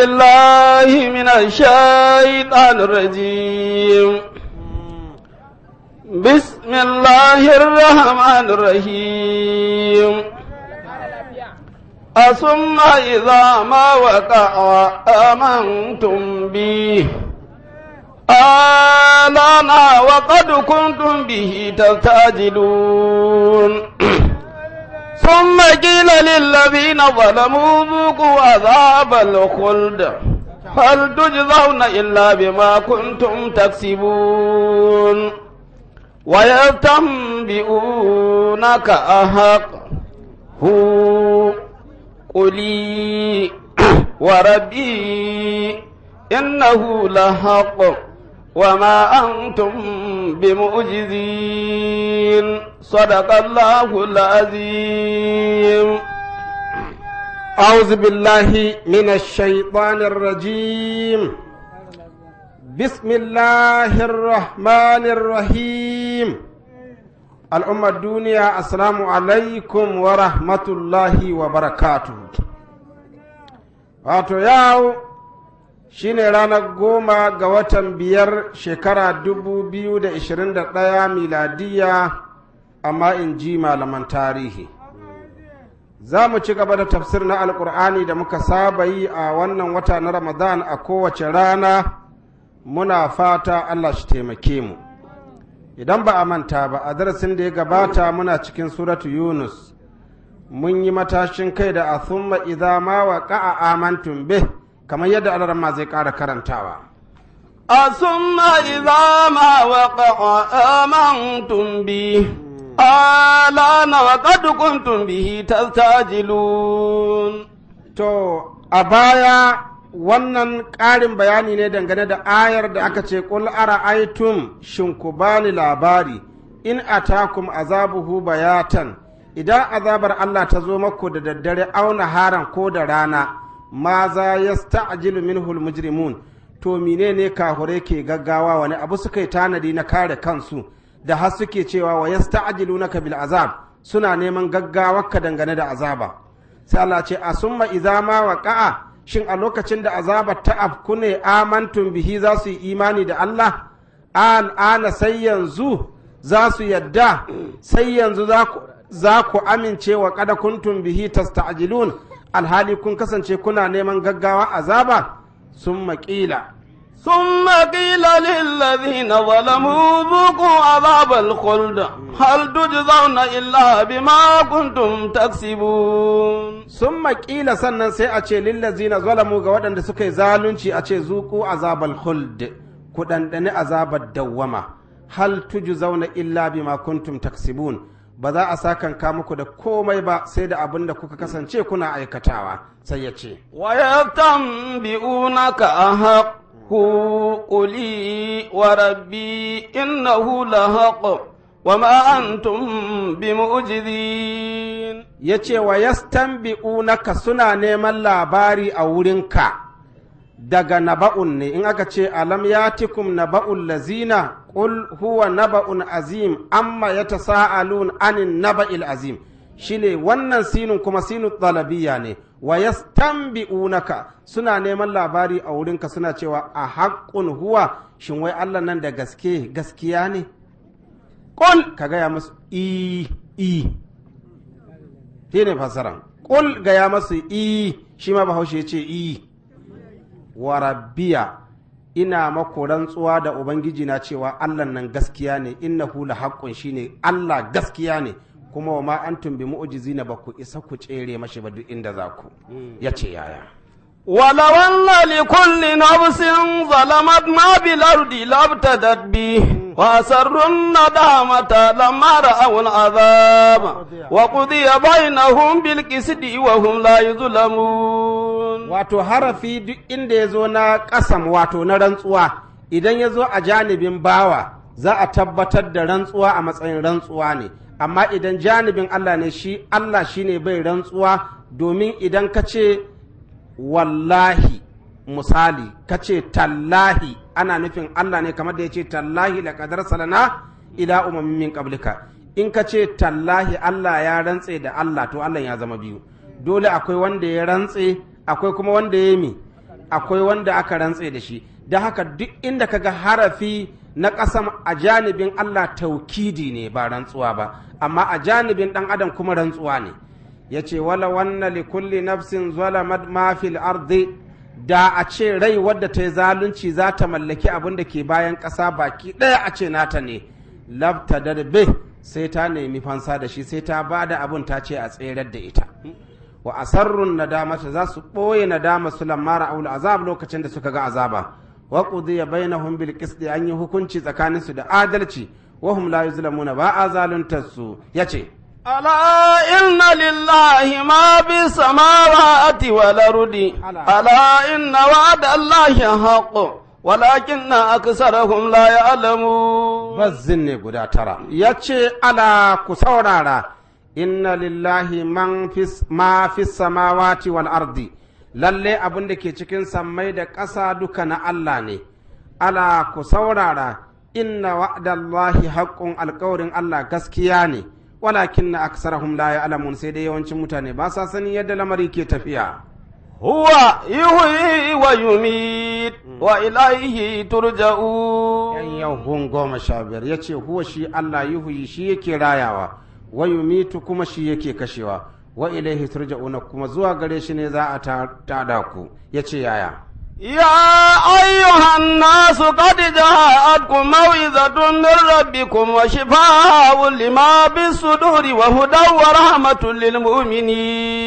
الله من الشيطان الرجيم بسم الله الرحمن الرحيم أصم إذا ما وقع آمنتم به آلانا وقد كنتم به تستعجلون ثم قيل للذين ظلموا ذوقوا عذاب الخلد هل تجزون إلا بما كنتم تكسبون ويستنبئونك أحق هو قلي وربي إنه لحق وما أنتم بمؤجزين صدق الله العظيم أعوذ بالله من الشيطان الرجيم بسم الله الرحمن الرحيم الأمة الدنيا السلام عليكم ورحمة الله وبركاته واتو ياو Shi ne ranar goma ga watan biyar shekara dubu biyu ɗaya miladiya amma in ji malaman tarihi za mu ci gaba da tafsir na alkur'ani da muka saba yi a wannan wata na ramadan a kowace rana muna fata allah shi taimake mu idan ba a manta ba a darasin da ya gabata muna cikin suratu yunus mun yi matashin kai da a thumma idza ma ka'a amantum bih kamar yadda ma zai ƙara karantawa ثم إذا ما وقع آمنتم به آلان وقد كنتم به To تو أبايا wannan ƙarin bayani ne dangane da ayar da aka ce ƙul ara'aytum shinku ku bani labari in atakum azabuhu bayatan idan azabar Allah ta zo maku da daddare auna haran ko da rana ma za yasta'jilu minhu almujrimun to menene kahure ke gaggawa wani abu suka yi tanadi na kare kansu da har suke cewa wa na bil azab suna neman ka dangane da azaba sai Allah ce asumma idza ma waqa'a shin a lokacin da azabar ta afku ne amantum bihi za su yi imani da Allah an ana sai yanzu za su yadda sai yanzu za ku amince wa kada kuntum bihi tasta'jilun alhali kun kasance kuna neman gaggawa azaba sun maƙila summa qila lilladhina zalamu a zabal alkhuld hal tujzauna illa bima makuntun taksibun summa qila sannan sai a ce lilladhina zalamu ga waɗanda suka yi zalunci a ce zuku zabal alkhuld ku dandane zabar dawwama hal tujzauna illa bima makuntun taksibun ba za a sakanka muku da komai ba sai da abin da kuka kasance kuna aikatawa sai ya ce waya tambi'unaka ahaqu quli wa rabbi innahu lahaq wa ma antum bimu'jizin yace wa yastanbi'unaka suna neman labari a wurinka daga naba'un ne in aka ce alam ya yatikum naba'un lazina qul huwa naba'un azim amma sa'alun anin naba'il azim shine wannan sinin kuma sinu talabiya ne wa unaka suna neman labari a wurinka suna cewa a haƙƙun huwa shin wai Allah nan da gaske gaskiya ne ƙul ka gaya masu i i ne fassara ƙul gaya masu i shi ma bahaushe ya ce i wa rabbiya ina mako rantsuwa da ubangiji na cewa allah nan gaskiya ne innahu la shi shine allah gaskiya ne kuma wa ma antum bi mu'ujizina ba ku isa ku tsere mashi ba duk inda za ku hmm. yace yaya ولو أن لكل نفس ظلمت ما بالأرض لابتدت به وأسر الندامة لما رأوا العذاب وقضي بينهم بالكسد وهم لا يظلمون واتو هرفي دو إن يزونا قسم واتو نرنسوا إذن يزو أجانب باوا زا a درنسوا أما rantsuwa a matsayin rantsuwa ne amma idan janibin Allah ne shi Allah shine bai rantsuwa wallahi misali ka ce tallahi ana nufin Allah ne kamar da ya ce tallahi la kadar salana ila umarmin min in ka ce tallahi Allah ya rantse da Allah to Allah ya zama biyu dole akwai wanda ya rantse akwai kuma wanda ya mi akwai wanda aka rantse da shi da haka duk inda ka ga harafi na ƙasam a janibin Allah taukidi ne ba rantsuwa ba amma a janibin ɗan adam kuma rantsuwa ne yace ce wala wanna li kulli nafsin zalamat ma fil ardi da a ce rai wadda ta yi zalunci za ta mallaki abin da ke bayan ƙasa baki ɗaya a ce nata ne labta darbe sai ta nemi fansa da shi sai ta ba da abin ta ce a tserar da ita wa asarrun nadamata za su ɓoye nadama su lamara aul azab lokacin da suka ga azaba wa qudiya bainahum bil qisti an yi hukunci tsakaninsu da adalci wa hum la yuzlamuna ba a zaluntar su yace ألا إن لله ما في السماوات والأرض ألا إن وعد الله حق walakin na لا يعلمون ya'lamu bazzin ne guda tara yace ala ku saurara inna lillahi man fis ma lalle abin da ke cikin sammai da ƙasa duka na Allah ne ala ku saurara inna wa'dallahi haqqun alƙawarin Allah gaskiya ne walakin na aksarahum la ya'lamun sai dai yawancin mutane ba sa sani yadda lamari ke tafiya huwa yuhyi wa yumit wa ilaihi turja'u yan yahun goma sha biyar yace huwa shi Allah yuhyi shi yake rayawa wa yumitu kuma shi yake kashewa wa ilaihi turja'una kuma zuwa gare shi ne za a tada ku yace yaya يا أيها الناس قد جاءتكم موعظة من ربكم وشفاء لما بالصدور وهدى ورحمة للمؤمنين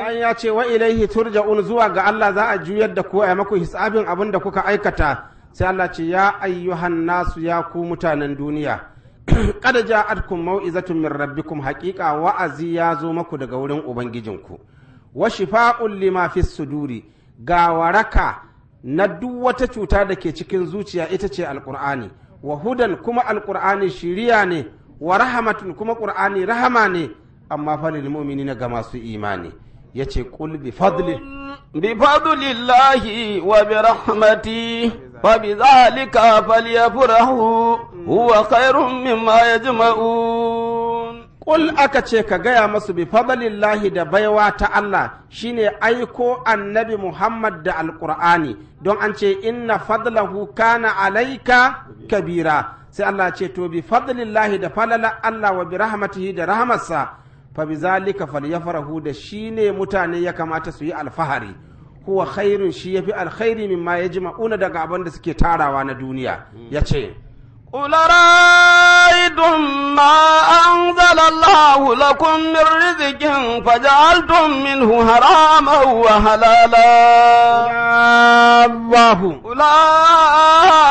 bayan ya ce wa ilaihi turja'un zuwa ga Allah za a juyar da ku maku hisabin abin da kuka aikata sai Allah ce ya ayyuhan nasu ya ku mutanen duniya kad ja'atkum mau'izatun min rabbikum haqiqa wa'azi ya zo maku daga wurin ubangijinku wa shifa'un lima fis suduri ga waraka na duk wata cuta da ke cikin zuciya ita ce alkur'ani wa hudan kuma alkur'ani shiriya ne wa rahamatun kuma qur'ani rahama ne amma mumini mu'minina ga masu imani yace qul bi fadli bi fadlillahi wa bi rahmati fa bi zalika falyafrahu huwa khairun mimma yajma'un Ƙul aka ce ka gaya masu bi fadlillahi da baiwa ta Allah shine aiko annabi Muhammad da Alƙur'ani don an ce inna fadlahu kana alaika kabira sai Allah ce to bi fadlillahi da falala Allah wa bi rahmatihi da rahamarsa fa bi zalika falyafrahu da shine mutane ya kamata su yi alfahari huwa khairun shi yafi alkhairi mimma yajma'una daga abin da suke tarawa na duniya yace قل رأيتم ما أنزل الله لكم من رزق فجعلتم منه حراما وحلالا الله قل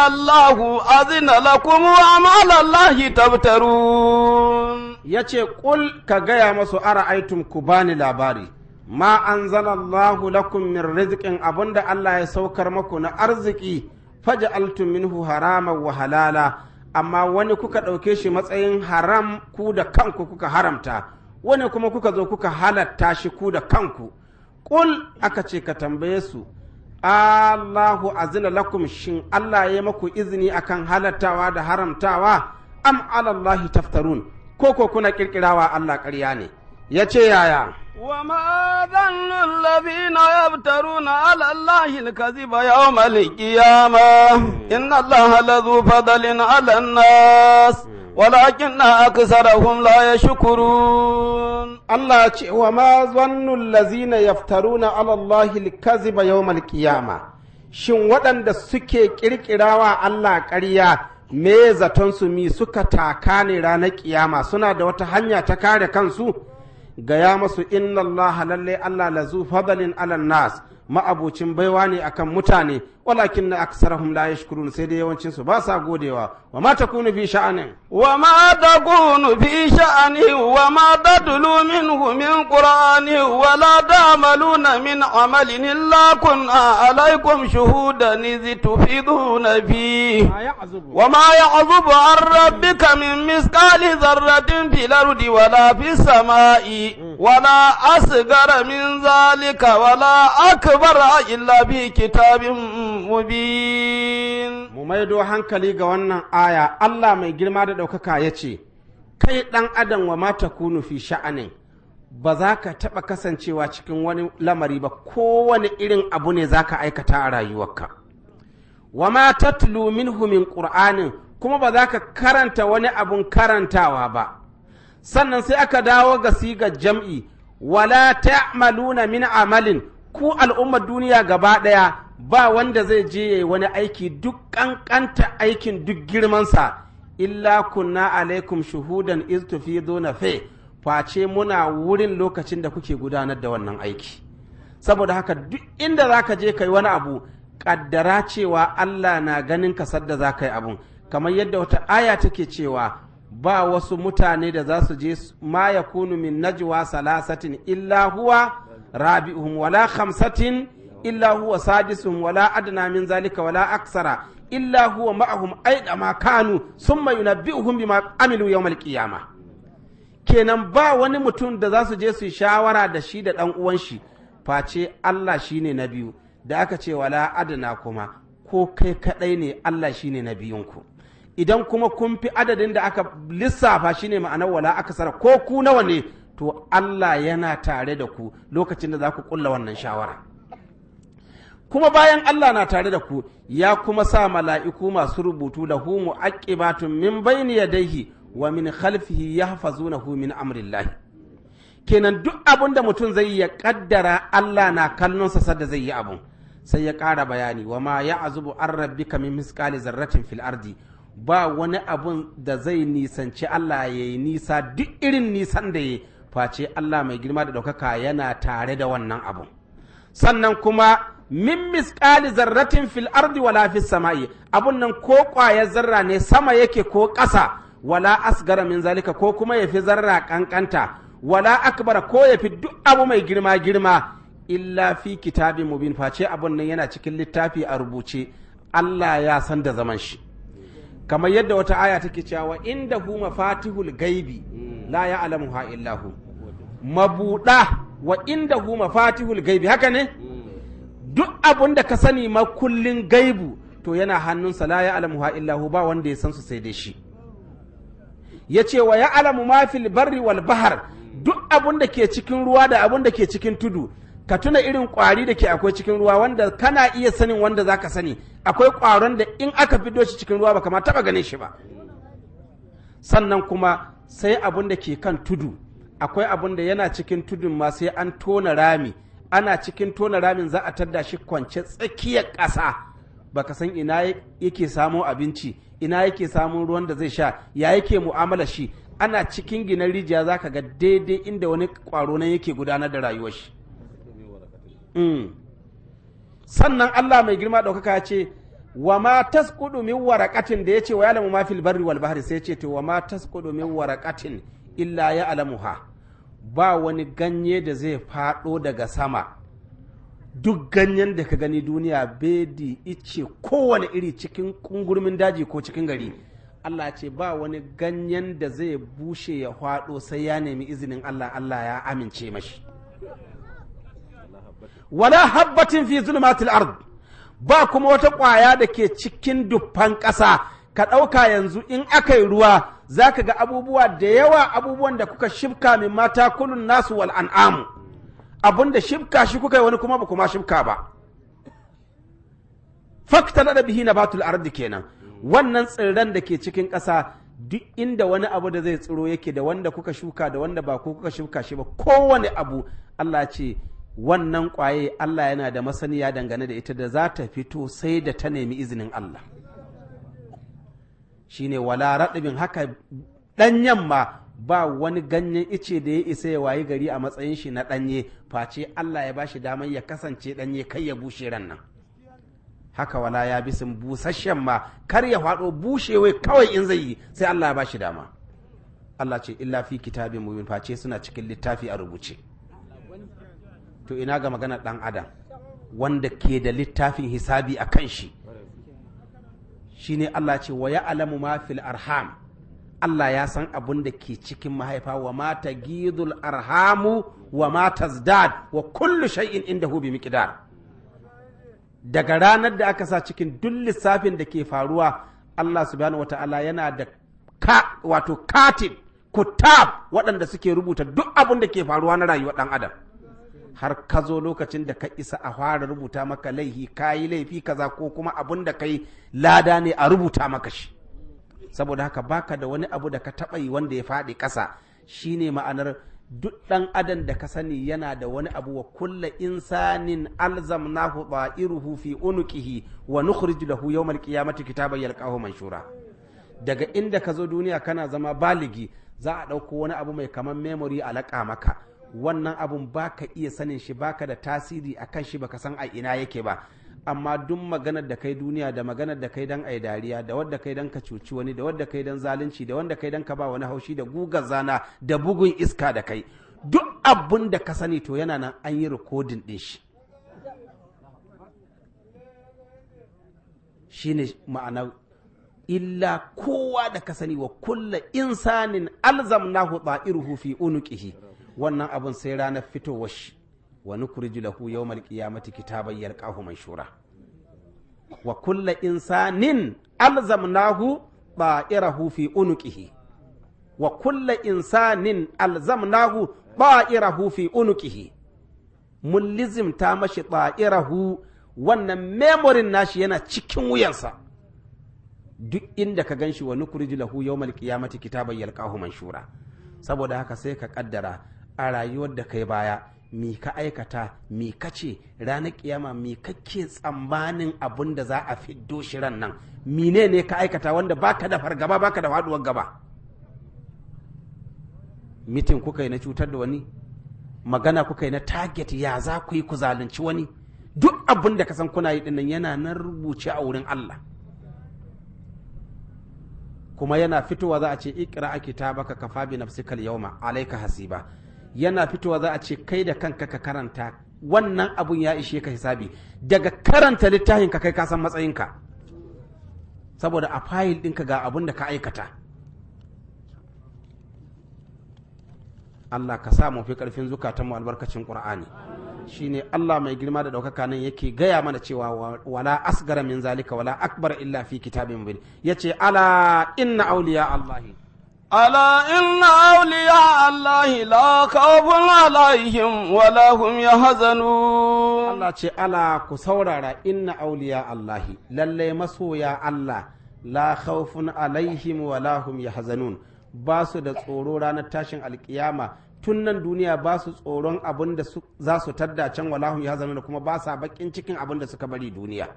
الله أذن لكم وعمل الله تبترون yace kul ka gaya masu ara'aitum ku bani labari ma anzalallahu lakum min abun da Allah ya saukar maku na arziki faja'altum minhu haraman wa halala amma wani kuka ɗauke shi matsayin haram ku da kanku kuka haramta wani kuma kuka zo kuka halatta shi ku da kanku ƙul aka ce ka tambaye su Allahu azina lakum shin Allah ya yi maku izini akan halattawa da haramtawa am alallahi taftarun ko ko kuna ƙirƙirawa Allah ƙarya ne ya ce yaya وما ظن الذين يفترون على الله الكذب يوم القيامة إن الله لذو فضل على الناس ولكن أكثرهم لا يشكرون الله وما ظن الذين يفترون على الله الكذب يوم القيامة shin waɗanda suke ƙirƙirawa Allah ƙarya me zaton su mi suka taka ne ranar ƙiyama suna da wata hanya ta kare kansu gaya masu inna Allah Allah lazu fadalin alan nas ma'abocin baiwa ne akan mutane walakin na aksarahum la yashkurun sai dai yawancin su ba sa godewa wa ma takunu fi sha'anin wa ma takunu fi sha'ani wa ma tadlu minhu min qur'ani wa la ta'maluna min amalin illa kunna alaykum shuhudan iz tufiduna fi wa ma ya'zubu an rabbika min misqali dharratin fil ardi wa la fis samai mm. wa la asghara min zalika wa la akbar bara illa bi kitabin mubin mu maido hankali ga wannan aya Allah mai girma da ɗaukaka ya ce kai ɗan adam wa mata kunu fi sha'ani ba za ka taɓa kasancewa cikin wani lamari ba kowane irin abu ne za ka aikata a rayuwarka wa ma tatlu minhu min kuma ba za ka karanta wani abun karantawa ba sannan sai aka dawo ga sigar jam'i wala ta'maluna min amalin ku al'ummar duniya gaba ɗaya ba wanda zai je yayi wani aiki duk ƙanƙanta aikin duk girmansa illa kunna alaikum shuhudan iz na fe face muna wurin lokacin da kuke gudanar da wannan aiki saboda haka duk inda zaka je kai wani abu kaddara cewa Allah na ganin kasar da za ka yi abun kamar yadda wata aya take cewa ba wasu mutane da za su je ma ya kunu min najwa salasatin illa huwa rabi'uhum wala khamsatin illa huwa sadisuhum wala adna min zalika wala aksara illa huwa ma'ahum aida ma kanu summa yunabbi'uhum bima amilu yawmal qiyama kenan ba wani mutum da za su je su shawara da shi da dan uwan shi face Allah shine na biyu da aka ce wala adna kuma ko kai kadai ne Allah shine na biyunku idan kuma kun fi adadin da aka lissafa shine ma'anar wala aksara ko ku nawa ne to Allah yana tare da ku lokacin da za ku kulla wannan shawara kuma bayan Allah na tare da ku ya kuma sa mala'iku masu rubutu da lahu mu'aqibatun min bayni yadayhi wa min khalfihi humin min amrillahi kenan duk abin da mutum zai ya kaddara Allah na kallon sassa sadda zai yi abun sai ya ƙara bayani wa ma ya azubu an rabbi kamin miskali zarratin fil ardi ba wani abun da zai nisanci Allah ya yi nisa duk irin nisan da ya yi. face Allah mai girma da ɗaukaka yana tare da wannan abu sannan kuma min misƙali zarratin fil ardi wala fis sama'i abun nan ko ƙwayar zarra ne sama yake ko ƙasa wala asgara min zalika ko kuma ya fi zarra ƙanƙanta wala akbara ko ya fi duk abu mai girma girma illa fi kitabi mubin face abun nan yana cikin littafi a rubuce Allah ya san da zaman shi kamar yadda wata aya take cewa inda hu mafatihul gaibi hmm. la ya'lamuha illa hu mabuda wa inda hu mafatihul gaibi haka ne hmm. duk abun da ka sani makullin gaibu to yana hannunsa la ya'lamuha illa hu ba wanda ya san su sai dai shi yace wa ya'lamu ma fil barri wal bahr hmm. duk abun da ke cikin ruwa da abun da ke cikin tudu ka tuna irin kwari da ke akwai cikin ruwa wanda kana iya sanin wanda za ka sani akwai kwaron da in aka fiddo shi cikin ruwa baka ma taba ganin shi ba sannan kuma sai abun da ke kan tudu akwai abun da yana cikin tudun ma sai an tona rami ana cikin tona ramin za a tadda shi kwance tsakiyar ƙasa baka san ina yake samo abinci ina yake samun ruwan da zai sha ya yake mu'amala shi ana cikin ginin rijiya za ka ga daidai inda wani kwaro nan yake gudanar da rayuwar shi Mm. sannan Allah mai girma ɗaukaka ya ce wa ma taskudu min warakatin da ce wa ya ma fil barri wal sai ce to wa ma taskudu min warakatin illa alamuha ba wani ganye da zai faɗo daga sama duk ganyen da ka gani duniya bedi ice kowane iri cikin kungurmin daji ko cikin gari Allah ce ba wani ganyen da zai bushe ya fado sai ya nemi izinin Allah Allah ya amince mashi wala habbatin fi zulmatil ard ba kuma wata ƙwaya da ke cikin duffan ƙasa ka ɗauka yanzu in aka yi ruwa za ka ga abubuwa da yawa abubuwan da kuka shibka min mata kulun nasu wal an'amu abin da shibka shi kuka yi wani kuma ba kuma shibka ba fakta na bihi na batul ardi kenan wannan tsirran da ke cikin ƙasa duk inda wani abu da zai tsiro yake da wanda kuka shuka da wanda ba ku kuka shuka shi ba kowane abu Allah ce wannan ƙwaye Allah yana da masaniya dangane da ita da za ta fito sai da ta nemi izinin Allah shi ne wala raɗabin haka ɗan yamma ba wani ganyen ice da ya isa ya wayi gari a matsayin shi na ɗanye face Allah ya bashi daman ya kasance ɗanye kai ya bushe ran nan haka wala ya bi sun busasshen ma kar ya faɗo bushewai kawai in zai yi sai Allah ya bashi dama Allah ce illa fi kitabin mubin face suna cikin littafi a rubuce to ina ga magana ɗan adam wanda ke da littafin hisabi a kan shi shine Allah ce wa ya alamu ma fil arham Allah ya san abin da ke cikin mahaifa wa mata gidul arhamu wa mata tazdad wa kullu shay'in inda bi miqdar daga ranar da aka sa cikin duk lissafin da ke faruwa Allah subhanahu wata'ala yana da ka wato katib kutab waɗanda suke rubuta duk abun da ke faruwa na rayuwar ɗan adam har ka zo lokacin da ka isa a fara rubuta maka laifi ka yi laifi kaza ko kuma abun da kai lada ne a rubuta maka shi saboda haka baka da wani abu da ka taɓa yi wanda ya faɗi ƙasa shine ma'anar duk ɗan adam da ka sani yana da wani abu wa kulla insanin alzam alzamnahu iri fi unuqihi wa nukhrij lahu yawmal qiyamati kitaban yalqahu manshura daga inda ka zo duniya kana zama baligi za a ɗauko wani abu mai kamar memori a laƙa maka wannan abun baka iya sanin shi baka da tasiri a kan shi baka san a ina yake ba amma duk maganar da kai duniya da maganar da kai dan ai dariya da wadda kai dan ka cuci wani da wadda kai dan zalunci da wanda kai dan ka ba wani haushi da gugar zana da bugun iska da kai duk abun da ka sani to yana nan an yi rikodin din shi shine ma'ana illa kowa da ka sani wa kulla insanin alzamnahu ta'iruhu fi unuqihi wannan abin sai ranar fitowar shi wa nukurji lahu yawmal qiyamati kitaban yarqahu manshura wa kulla insanin alzamnahu ba'irahu fi unuqihi wa kulla insanin alzamnahu ba'irahu fi unuqihi mun lizimta mashi hu wannan memorin nashi yana cikin wuyansa duk inda ka ganshi wa nukurji lahu yawmal qiyamati ƙahu yarqahu manshura saboda haka sai ka kaddara a rayuwar da kai baya mi ka aikata mi ka ce ranar kiyama mi kake tsammanin abin da za a fiddo shi ran nan mine ne ka aikata wanda baka da fargaba baka da faduwar gaba mitin kuka yi na cutar da wani magana kuka yi na target ya za ku yi ku zalunci wani duk abin da ka san kuna yi dinnan yana nan rubuce a wurin Allah kuma yana fitowa za a ce ikra baka kafa bi nafsikal yawma alayka hasiba yana fitowa za a ce kai da kanka ka karanta wannan abun ya ishe ka hisabi daga karanta littafin ka kai ka san matsayinka saboda a fayil ɗinka ga abun da ka aikata Allah ka sa mu fi ƙarfin mu albarkacin Qur'ani shine Allah mai girma da ɗaukaka nan yake gaya mana cewa wala asgara min zalika wala akbar illa fi kitabin mubin yace ala inna awliya Allahi ألا إن أولياء الله لا خوف عليهم ولا هم يحزنون الله ce ala ku saurara inna auliya Allahi مسو masoya Allah la خوف عليهم ولا هم يحزنون باسو ba su da tsoro ranar tashin alkiyama tun nan duniya ba su tsoron abin da za su tadda can ya zama da kuma ba sa bakin cikin abin da suka bari duniya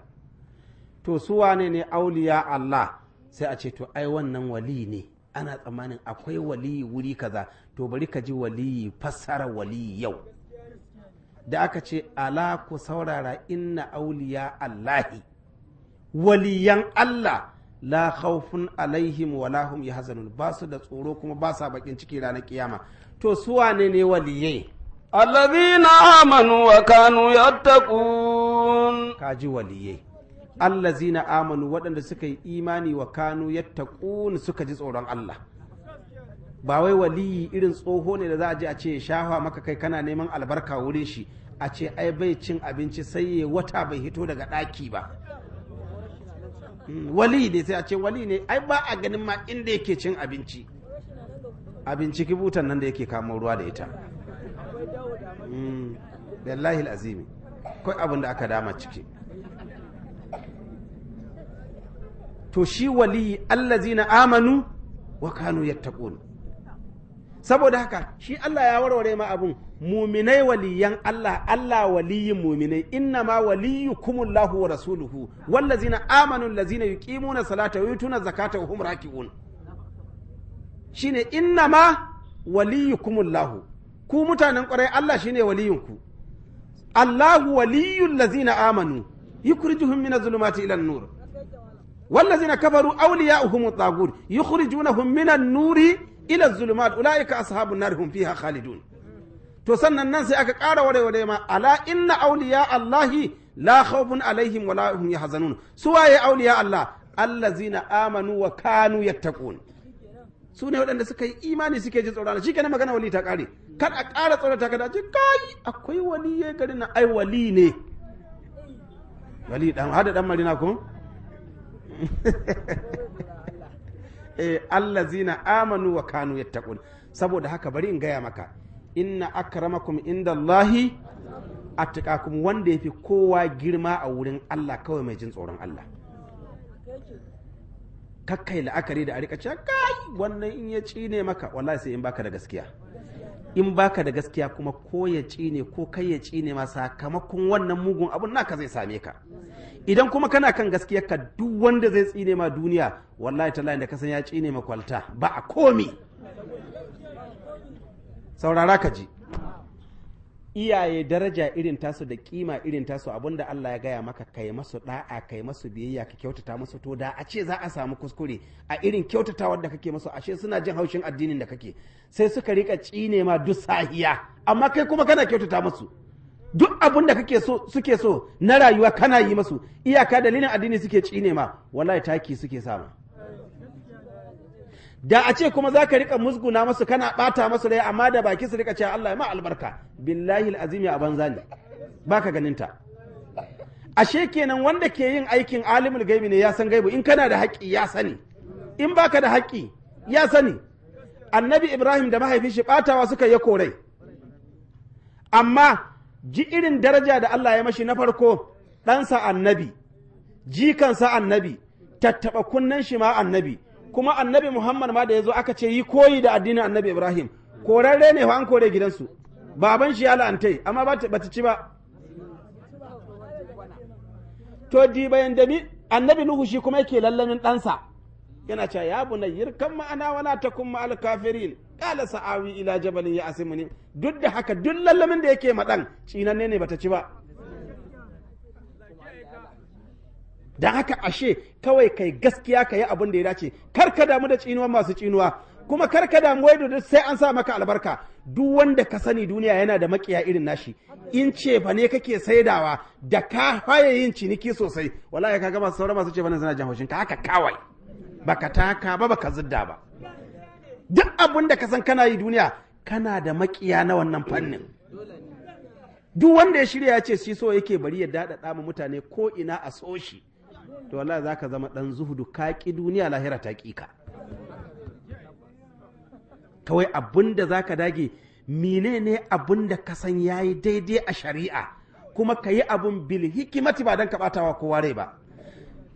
to su wane ne auliya Allah sai a ce to ai wannan wali ne ana tsammanin akwai waliyi wuri kaza to bari ka ji waliyi fassara waliyi yau da aka ce ala ku saurara inna auliya allahi waliyan allah la khawfun alaihim wa lahum yahzanun ba su da tsoro kuma ba sa bakin ciki ranar kiyama to su wane ne waliyai alladhina amanu wa kanu yattaqun kaji waliyai Allah Zina amanu waɗanda suka yi imani wa kanu yattaqun suka ji tsoron Allah ba wai waliyi irin tsoho ne da za a je a ce shafa maka kai kana neman albarka wurin shi a ce ai bai cin abinci sai ya wata bai hito daga ɗaki ba hmm, wali ne sai a ce wali ne ai ba a ganin ma inda yake cin abinci abinci kibutan nan da yake kamo ruwa da ita hmm, billahi azimi kai abin da aka dama ciki to shi waliyi zina amanu wa kanu yattaqun saboda haka shi Allah ya warware ma abun muminai waliyan Allah Allah waliyin muminai inna ma lahu wa rasuluhu wallazina amanu allazina na salata wa yutuna zakata wa hum shi ne inna ma lahu ku mutanen kwarai Allah shi ne waliyinku Allahu waliyul ladzina amanu yukhrijuhum minaz zulumati ilan nur والذين كفروا أولياؤهم الطاغوت يخرجونهم من النور إلى الظلمات أولئك أصحاب النار هم فيها خالدون to sannan nan sai aka kara warewa da ma ala inna auliya allahi la khawfun alaihim wala hum yahzanun su auliya allah allazina amanu wa kanu yattaqun su ne waɗanda suka yi imani suke ji tsoro Shi kenan magana wali ta ƙare kar a ƙara tsoro ta kada ji kai akwai wali ya gari na ai wali ne wali dan har da dan ko eh allazina amanu wa kanu yattaqun saboda haka bari in gaya maka inna akramakum indallahi attaqakum wanda yafi kowa girma a wurin Allah kawai mai jin tsoron Allah kakkai la'akari da a rika kai wannan in ya ci ne maka wallahi sai in baka da gaskiya in baka da gaskiya kuma ko ya ci ne ko kai ya ci ne ma sakamakon wannan mugun abun naka zai same ka idan kuma kana kan gaskiya ka duk wanda zai tsine ma duniya wallahi tallahi da ka san ya ci ne makwalta ba a komi saurara ka ji iyaye daraja irin tasu da kima irin tasu abinda Allah ya gaya maka kai masu da'a kai masu biyayya ka kyautata masu to da a ce za a samu kuskure a irin kyautatawar da kake masu ashe suna jin haushin addinin da kake sai suka rika cine ma duk sahiya amma kai kuma kana kyautata masu duk abin da kake so suke so na rayuwa kana yi masu iyaka dalilin addini suke cine ma wallahi taki suke sama da a ce kuma za ka rika musguna masu kana ɓata masu rai amma da baki su rika cewa Allah ya ma albarka billahi azimi a banza ne baka ganin ta ashe kenan wanda ke yin aikin alimul gaibi ne ya san gaibu in kana da haƙƙi ya sani in baka da haƙƙi ya sani annabi ibrahim da mahaifin shi ɓatawa suka yi korai amma ji irin daraja da Allah ya mashi na farko ɗansa annabi jikansa annabi tattaɓa kunnen shi ma annabi kuma annabi muhammad ma da ya zo aka ce yi koyi da addinin annabi ibrahim korarre ne fa an kore gidansu baban shi ya la'antai amma ba ta ci ba to di bayan dabi annabi nuhu shi kuma yake lallamin ɗansa yana cewa ya bunayyir kan ma'ana wala takun ma'al kafirin kala sa'awi ila jabalin ya asimuni duk da haka duk lallamin da yake maɗan ɗan cinanne ne bata ci ba don haka ashe kawai kai gaskiya ka yi abin da ya dace kar ka damu da tsinuwa masu tsinuwa kuma kar ka damu wai da sai an sa maka albarka duk wanda ka sani duniya yana da makiya irin nashi in ce ba ne kake saidawa da ka faye yin ciniki sosai wallahi ka gama sauran masu ce fa suna jan haushin ka haka kawai baka taka ba baka zidda ba duk abin da ka san kana yi duniya kana da makiya na wannan fannin duk wanda ya shirya ya ce shi so yake bari ya daɗaɗa mutane ko ina a soshi. to wallahi zaka zama ɗan zuhudu ka ƙi duniya lahira ta ƙi ka kawai da za ka dage menene da ka san yi daidai a shari'a kuma ka yi abun bil hikimati ba don ka ɓata wa kowa rai ba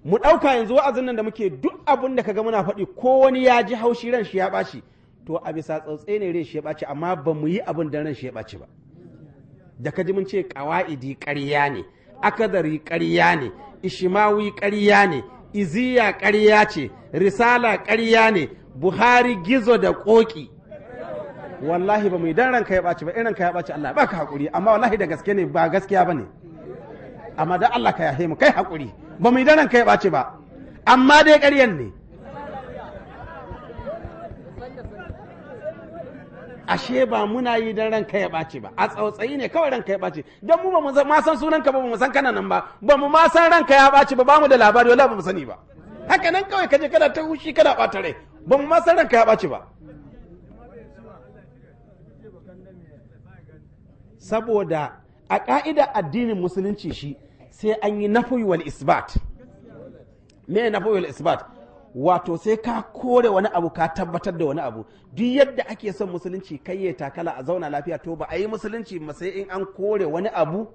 mu ɗauka yanzu wa'azin nan da muke duk abin da ka ga muna faɗi ko wani ya ji haushi ran shi ya ɓaci to a bisa tsautse ne ran shi ya ɓaci amma ba mu yi abin da ran shi ya ɓaci ba da ka ji mun ce ƙawa'idi ƙarya ne akadari ƙarya ne ishimawi ƙarya ne iziya ƙarya ce risala ƙarya ne buhari gizo da ƙoƙi wallahi ba mu dan ranka ya ɓaci ba irin ranka ya ɓaci Allah ba ka haƙuri amma wallahi da gaske ne ba gaskiya ba ne amma da Allah ka yahe mu kai haƙuri ba mu dan ranka ya ɓaci ba amma dai ƙaryan ne ashe ba muna yi don ranka ya ɓaci ba a tsautsayi ne kawai ranka ya ɓaci don mu ba mu san sunanka ba ba mu san kana nan ba ba mu ma san ranka ya ɓaci ba ba mu da labari wala ba mu sani ba haka nan kawai kaje kana ta hushi kana ɓata rai ba mu ma san ranka ya ɓaci ba saboda a ƙa'ida addinin musulunci shi sai an yi nafi isbat me nafi wal isbat wato sai ka kore wani abu ka tabbatar da wani abu duk yadda ake son musulunci kai ya takala a zauna lafiya to ba a yi musulunci ba sai in an kore wani abu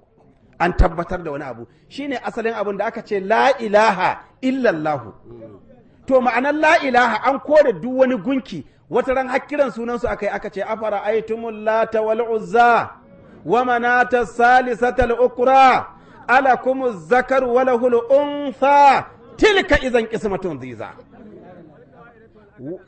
an tabbatar da wani abu shine asalin abin da aka ce la ilaha illallahu to ma'anar la ilaha an kore duk wani gunki wata ran hakiran sunan su akai aka ce afara aitumul lata wal uzza wa manata salisatal ukra alakumuz zakar wa lahul untha tilka izan qismatun ziza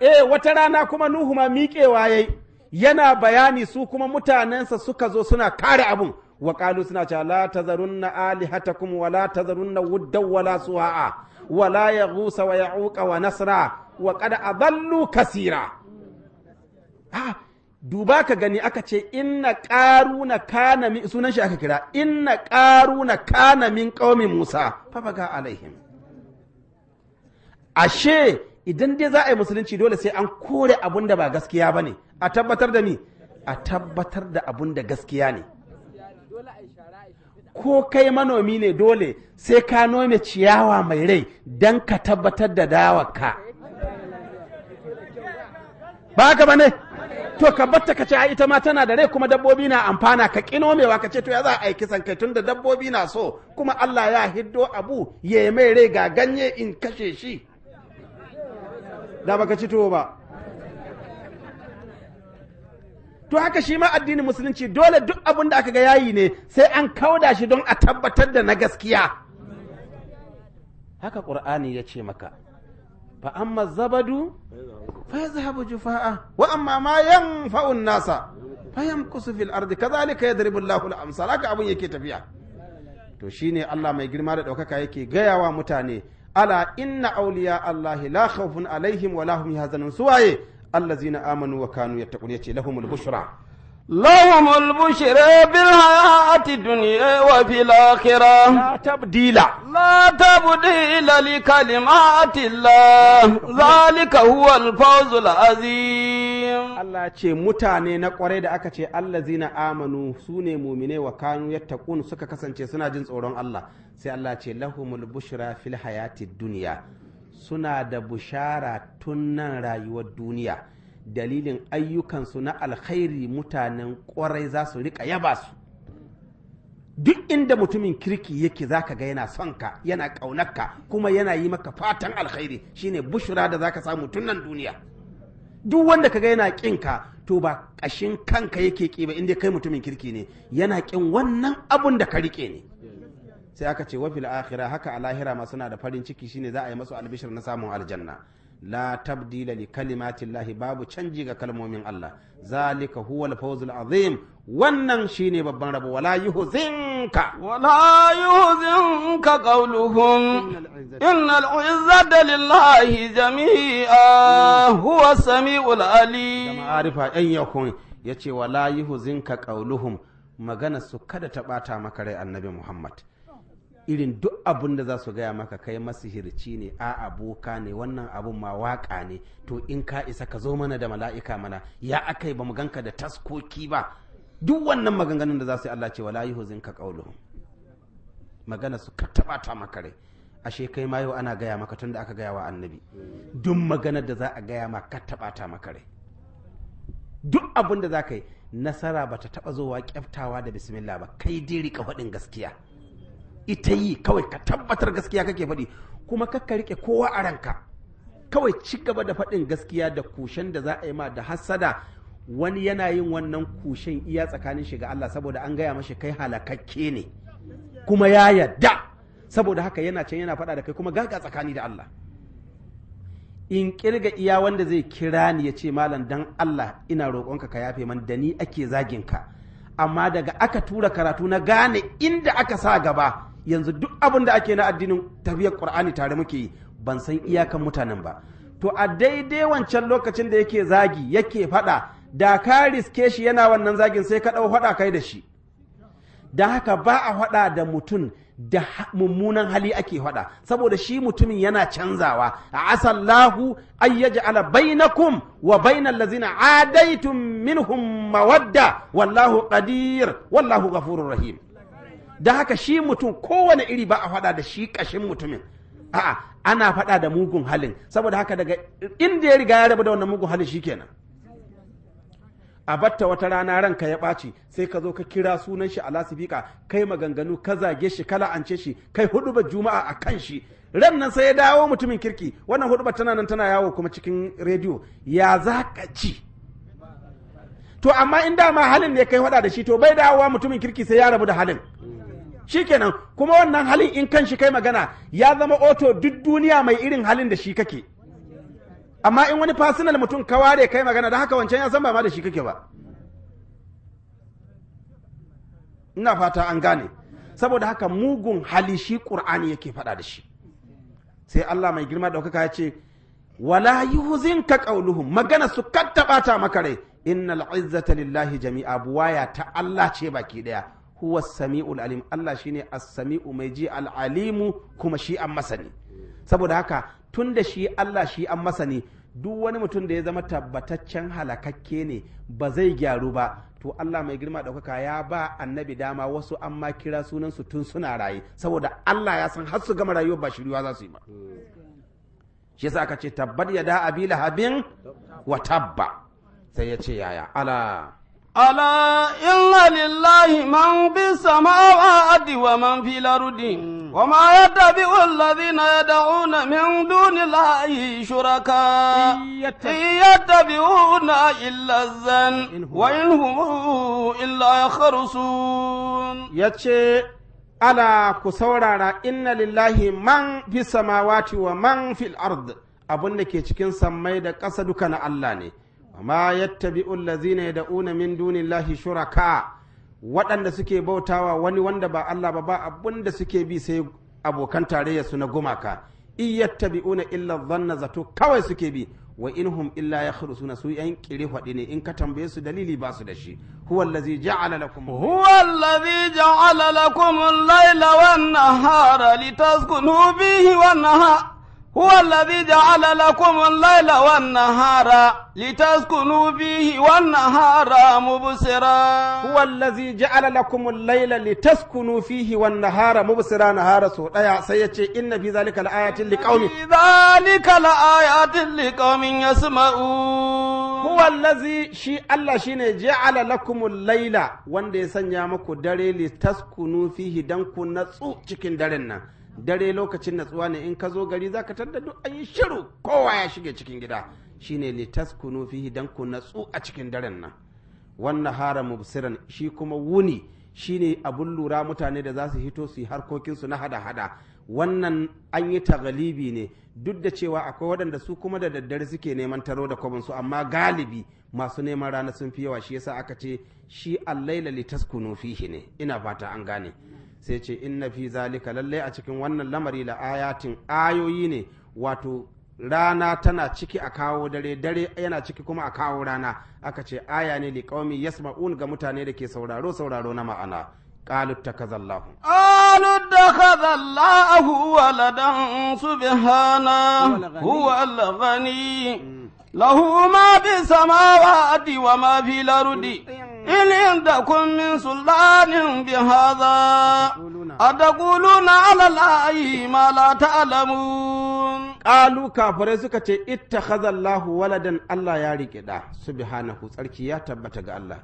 eh wata rana kuma Nuhu ma miƙewa yi yana bayani su kuma mutanensa suka zo suna kare abun wa suna cewa la tazarunna alihatakum wa la na wuddan wa la suwa'a wa la gusa wa ya uka wa nasra wa a zallu kasira ah duba ka gani aka ce inna na kana min sunan shi aka kira inna na kana min ƙaumin musa fa alaihim ashe idan dai za a yi musulunci dole sai an kore abun da ba gaskiya ba ne a tabbatar da ni a tabbatar da abun da gaskiya ne ko kai manomi ne dole sai ka nome ciyawa mai rai don ka tabbatar da dawaka ba ka ba ne to ka batta ka ce ita ma tana da rai kuma dabbobi na amfana ka ƙi nomewa ka ce to ya za a aiki kai tun da dabbobi na so kuma Allah ya hiddo abu ya mai rai ga ganye in kashe shi da baka ci tuwo ba to haka shi ma addinin musulunci dole duk abin da aka ga yayi ne sai an kauda shi don a tabbatar da na gaskiya haka qur'ani ya ce maka fa amma zabadu fa yazhabu jufaa wa amma ma yanfa'u an-nasa fa yamkusu fil ardi kadhalika yadribu Allahu al-amsal haka abun yake tafiya to shine Allah mai girma da daukaka yake gaya wa mutane ala inna auliya allahi la khawfun alaihim wa lahum yahzanun suwaye allazina amanu wa kanu yattaqun yace lahumul bushra لهم البشرى في الحياة الدنيا وفي الآخرة لا تبديل لا تبديل لكلمات zalika huwa al fawzul azim. Allah ce mutane na kware da aka ce Allah zina amanu sune mumine wa kanu yattaqun suka kasance suna jin tsoron Allah sai Allah ce lahumul bushra fil hayati duniya suna da bushara tun rayuwar duniya dalilin ayyukansu na alkhairi mutanen kwarai za su rika yaba su duk inda mutumin kirki yake zaka ga yana son ka yana kaunarka kuma yana yi maka fatan alkhairi shine bushra da zaka samu tun duniya duk wanda kaga yana kin ka to ba ƙashin kanka yake ƙi ba inda kai mutumin kirki ne yana kin wannan abun da ka rike ne sai aka ce wafil akhira haka a lahira ma suna da farin ciki shine za a yi masu albishir na samun aljanna la tabdila li kalimatillahi babu canji ga kalmomin Allah zalika huwal fawzul azim wannan shine babban rabo wala yuhzinka wala yuhzinka qawluhum innal izzata lillahi jami'a mm. huwa samiul alim ma'arifa an yakun yace wala yuhzinka qawluhum magana su kada ta bata maka rai annabi Muhammad irin duk abun da za su gaya maka kai masihirci ne a aboka ne wannan abun ma waka ne to in ka isa ka zo mana da mala'ika mana ya aka yi ba mu da taskoki ba duk wannan maganganun da za su yi Allah ce layi yuhzin ka qauluhum magana su ka taba ta maka rai ashe kai ma yau ana gaya maka tun da aka gaya wa annabi duk maganar da za a gaya ma ka taba ta maka rai duk abin da za ka yi nasara ba ta taba zowa kyaftawa da bismillah ba kai dai rika faɗin gaskiya ita yi kawai ka tabbatar gaskiya kake faɗi kuma kakka rike kowa a ranka kawai ci gaba da faɗin gaskiya da kushen da za a yi ma da hassada wani yana yin wannan kushen iya tsakanin shi ga Allah saboda an gaya mashi kai halakakke ne kuma ya yadda saboda haka yana can yana faɗa da kai kuma gaga tsakani da Allah in kirga iya wanda zai kira ni ya ce malam dan Allah ina roƙonka ka yafe man da ni ake zagin ka amma daga aka tura karatu na gane inda aka sa gaba yanzu duk abin da ake na addinin tafiyar qur'ani tare muke yi ban san iyakan mutanen ba to a daidai wancan lokacin da yake zagi yake faɗa da ka riske shi yana wannan zagin sai ka ɗau faɗa kai da shi da haka ba a faɗa da mutum da mummunan hali ake faɗa saboda shi mutumin yana canzawa a asallahu an ala bainakum wa bainal lazina adaitun minhum mawadda wallahu qadir wallahu ghafurur rahim da haka shi mutum kowane iri ba a faɗa da shi ƙashin mutumin a'a ana faɗa da mugun halin saboda haka daga inda ya riga ya rabu da wannan mugun halin shikenan a batta wata rana ranka ya ɓaci sai ka zo ka kira sunan shi a lasifika kai maganganu ka zage shi ka la'ance shi kai ba juma'a a kan shi ran nan sai ya dawo mutumin kirki wannan ba tana nan tana yawo kuma cikin rediyo ya za ka ci to amma in dama halin ne kai faɗa da shi to bai dawowa mutumin kirki sai ya rabu da halin shikenan kuma wannan halin in kan shi kai magana ya zama oto duk duniya mai irin halin da shi kake amma in wani fasinal mutum ka ware kai magana da haka wancan ya san ba ma da shi kake ba ina fata an gane saboda haka mugun hali shi qur'ani yake faɗa da shi sai Allah mai girma ɗaukaka ya ce wala yuhzinka qauluhum magana su katta bata maka rai innal izzata lillahi jami'a buwaya ta Allah ce baki daya huwa sami'ul alim Allah shine as-sami'u mai ji al-alimu kuma shi an masani saboda haka tunda shi Allah shi an masani duk wani mutum da ya zama tabbataccen halakakke ne ba zai gyaru ba to Allah mai girma daukaka ya ba annabi dama wasu an ma kira sunan su tun suna raye saboda Allah ya san har su gama rayuwa ba shiriwa za su yi ba shi yasa aka ce tabbat ya da abi lahabin wa tabba sai ya ce yaya ala ألا إن لله من في السماوات ومن في الأرض وما يتبع الذين يدعون من دون الله شركاء إن يتبعون إلا الزن وإن هم إلا يخرسون يتشي ألا كسورا إن لله من في السماوات ومن في الأرض أبنك يتشكين سميدك أسدك نعلاني ma yattabi'u da yad'una min dunillahi shuraka waɗanda suke bautawa wani wanda ba Allah ba ba abun da suke bi sai abokan tarayya su na gumaka in yattabi'una illa zanna zato kawai suke bi wa inhum illa yakhrusuna su yan kire haɗi ne in ka tambaye su dalili ba su da shi huwa allazi ja'ala lakum huwa allazi ja'ala lakum al-laila wan nahara litaskunu bihi wan nahara هو الذي جعل لكم الليل والنهار لتسكنوا فيه والنهار مبصرا هو الذي جعل لكم الليل لتسكنوا فيه والنهار مبصرا نهار سودايا سيتي ان في ذلك لآيات لقوم في ذلك لآيات لقوم يسمعون هو الذي شي الله شيني جعل لكم الليل وان يسنيا مكو دري لتسكنوا فيه دنكو نتسو cikin daren nan dare lokacin natsuwa ne in ka zo gari za ka tadda duk an yi shiru kowa ya shige cikin gida shine litaskunu fihi dan ku natsu a cikin daren nan wannan hara mubsiran shi kuma wuni shine abun lura mutane da za su hito su yi harkokinsu na hada-hada wannan an yi tagalibi ne duk da cewa akwai waɗanda su kuma da daddare suke neman taro da su amma galibi masu neman rana sun fi yawa shi yasa aka ce shi allaila litaskunu fihi ne ina fata an gane sai ce inna fi zalika lallai a cikin wannan lamari la ayatin ayoyi ne wato rana tana ciki a kawo dare dare yana ciki kuma a kawo rana aka ce aya ne liƙaumi yasma'un ga mutane da ke sauraro sauraro na ma'ana قالوا اتخذ الله قالوا اتخذ الله ولدا سبحانه هو الغني له ما في السماوات وما في الأرض إن عندكم من سلطان بهذا أتقولون على الله ما لا تعلمون قالوا كافر سكة اتخذ الله ولدا الله ياريك دا سبحانه سألكي يا تبتك الله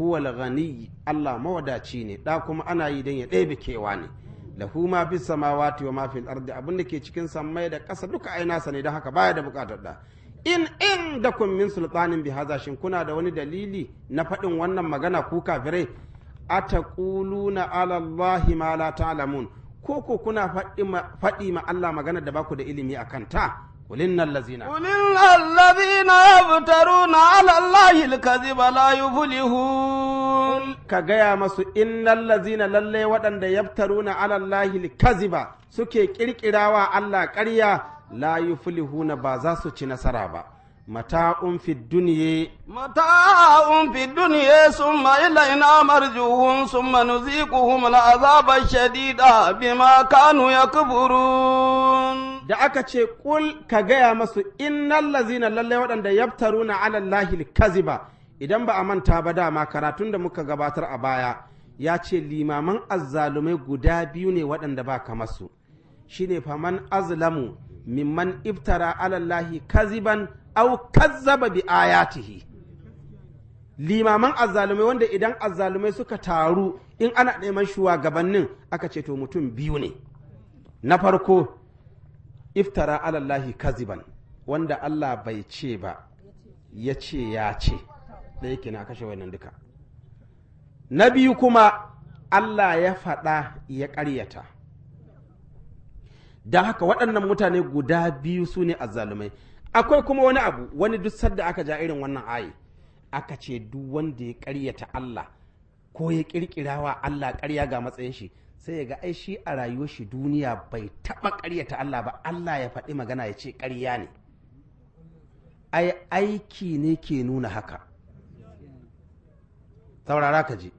هو الغني الله مودا تشيني دا كما أنا يدين يدين كيواني له ما في السماوات وما في الأرض ardi abin da ke cikin sammai da ƙasa duka ai nasa in inda da kun min sultanin bi haza shin kuna da wani dalili na faɗin wannan magana ku kafirai ataquluna ala allahi ma la ta'lamun ko ko kuna faɗi ma Allah magana da baku da ilimi a kanta ولن الذين ولن الذين يفترون على الله الكذب لا يفلحون كغيا مسو ان الذين لله ودن يفترون على الله الكذب سكي كيركراوا الله قريا la yuflihuna ba za su ci nasara ba mata'un fi duniye mata'un fi duniye summa ilaina marjuhum summa nuziquhum al'azaba shadida bima kanu yakburun da aka ce kul ka gaya masu innal lazina lallai waɗanda yaftaruna ala allahi kaziba idan ba a manta ba dama karatun da muka gabatar a baya ya ce limaman azzalumai guda biyu ne waɗanda ba ka masu shine faman azlamu mimman iftara alallahi kaziban au kazzaba bi ayatihi limaman azzalumai wanda idan azzalumai suka taru in ana neman shugabannin aka ce to mutum biyu ne na farko iftara alallahi kaziban wanda Allah bai ce ba ya ce ya ce da yake na kashe wannan duka na biyu kuma Allah ya faɗa ya ƙaryata don haka waɗannan mutane guda biyu su ne azzalumai akwai kuma wani abu wani duk sadda aka ja irin wannan ayi aka ce duk wanda ya ƙaryata Allah ko ya wa Allah karya ga matsayin shi sai ya ga ai shi a rayuwar shi duniya bai taɓa ƙaryata Allah ba Allah ya faɗi magana ya ce karya ne ai aiki ne ke nuna haka saurara ka ji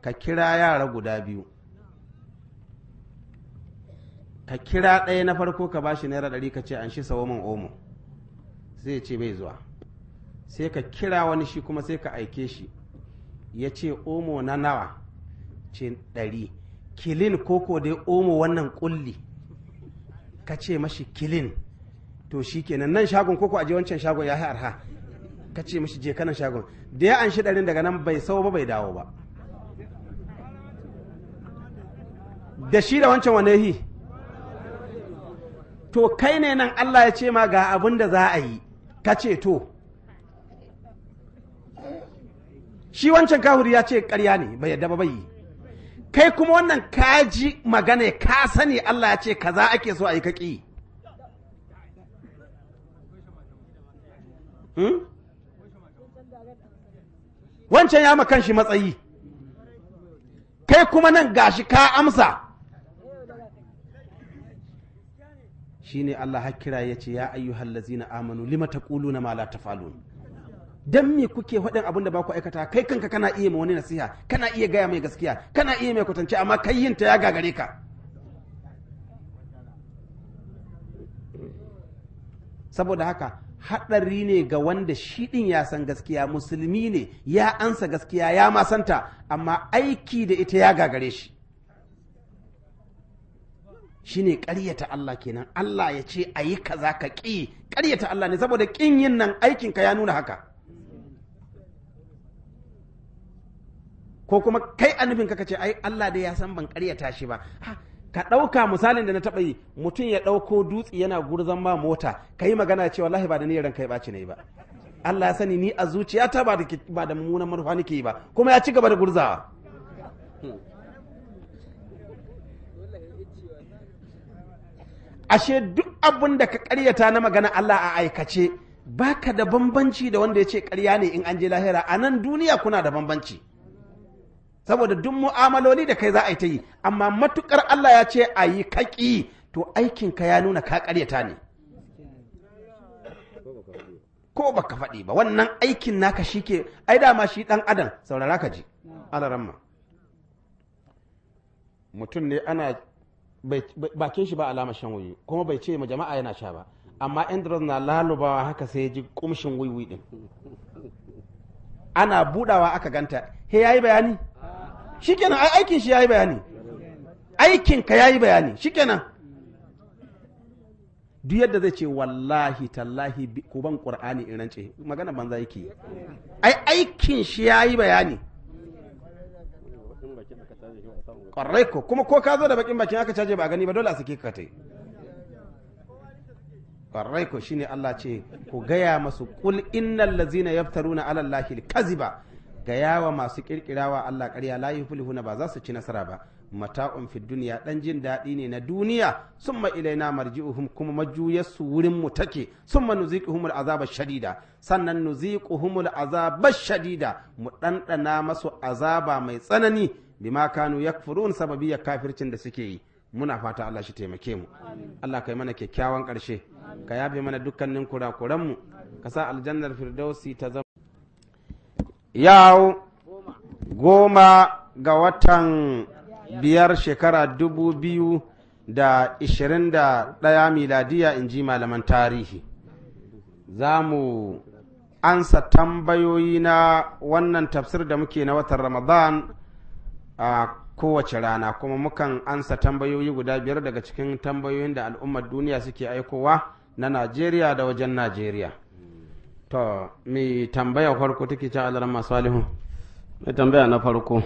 ka kira yara guda biyu ka kira ɗaya na farko ka bashi naira ɗari ka ce an shi min omo sai ya ce bai zuwa sai ka kira wani shi kuma sai ka aike shi ya ce omo na nawa ce ɗari kilin koko dai omo wannan kulli ka ce mashi kilin to shi kenan nan shagon koko a je wancan shagon ya arha ka ce mashi je kanan shagon da ya an shi ɗarin daga nan bai sau ba bai dawo ba da shi da wancan wane yi. to kai ne nan Allah ya ce ma ga abin da za a yi ka ce to shi wancan kahuri ya ce karya ne bai yadda ba bai yi kai kuma wannan kaji magana ka sani Allah ya ce kaza ake so a yi kaki hmm? wancan ya makan shi matsayi kai kuma nan gashi ka amsa shine Allah har kira ya ce ya ayyuhal ladzina amanu lima na mala la tafalun dan me kuke faɗin abin da ba ku aikata kai kanka kana iya ma wani nasiha kana iya gaya mai gaskiya kana iya mai kwatance amma kai yin ta ya gagare ka saboda haka haɗari ne ga wanda shi ɗin ya san gaskiya musulmi ne ya ansa gaskiya ya masanta amma aiki da ita ya gagare shi shine ƙaryata Allah kenan Allah ya ce a yi kaza ka ƙi ƙaryata Allah ne saboda ƙin yin nan aikinka ya nuna haka ko kuma kai annabin ka ce ai Allah dai ya san ban ƙaryata shi ba ah, ka ɗauka misalin da na taɓa yi mutum ya ɗauko dutse yana gurzan ma mota ka yi magana cewa wallahi ba da niyyar kai ɓaci ne ba Allah ya sani ni a zuciyata ba da mummunan manufa nake yi ba kuma ya ci gaba da gurzawa ashe duk abin da ka karyata na magana Allah a aikace baka da bambanci da wanda ya ce karya ne in an je lahira a nan duniya kuna da bambanci saboda duk mu'amaloli da kai za a yi ta yi amma matukar Allah ya ce a yi kaƙi to aikinka ya nuna ka karyata ne ko baka faɗi ba wannan aikin naka shi ke ai dama shi ɗan adam saurara ka ji alaramma mutum ne ana bakin shi ba alamar shan wuyi kuma bai ce ma jama'a yana sha ba amma indros na lalubawa haka sai ya ji kumshin wuyi din ana budawa aka ganta he yayi bayani shikenan ai aikin shi yayi bayani aikin ka yayi bayani shikenan duk yadda zai ce wallahi tallahi ku ban qur'ani in rance magana banza yake ai aikin shi yayi bayani kwarai ko kuma ko ka zo da bakin bakin aka caje ba gani ba dole a sake ka tai kwarai ko shine Allah ce ku gaya masu kul innal ladzina yaftaruna ala allahi alkaziba gaya wa masu kirkirawa Allah ƙarya la yuflihuna ba za su ci nasara ba mata'un fi duniya dan jin daɗi ne na duniya summa ilaina marji'uhum kuma majuyarsu wurin mu take summa nuziquhum al'azaba shadida sannan nuziquhum al'azaba shadida mu ɗanɗana masu azaba mai tsanani bima kanu yakfurun sababiyar kafircin da suke yi muna fata Allah shi taimake mu Allah kai mana kyakkyawan ƙarshe ka yafe mana dukkanin kurakuranmu ka sa aljannar firdausi ta zama yawo goma ga watan biyar shekara dubu biyu da ishirin da ɗaya miladiya in ji malaman tarihi za mu ansa tambayoyi na wannan tafsir da muke na watan ramadan a kowace rana kuma mukan ansa tambayoyi guda biyar daga cikin tambayoyin da al'ummar duniya suke aikowa na najeriya da wajen najeriya to mi tambaya farko take ce masu alihu mai tambaya na farko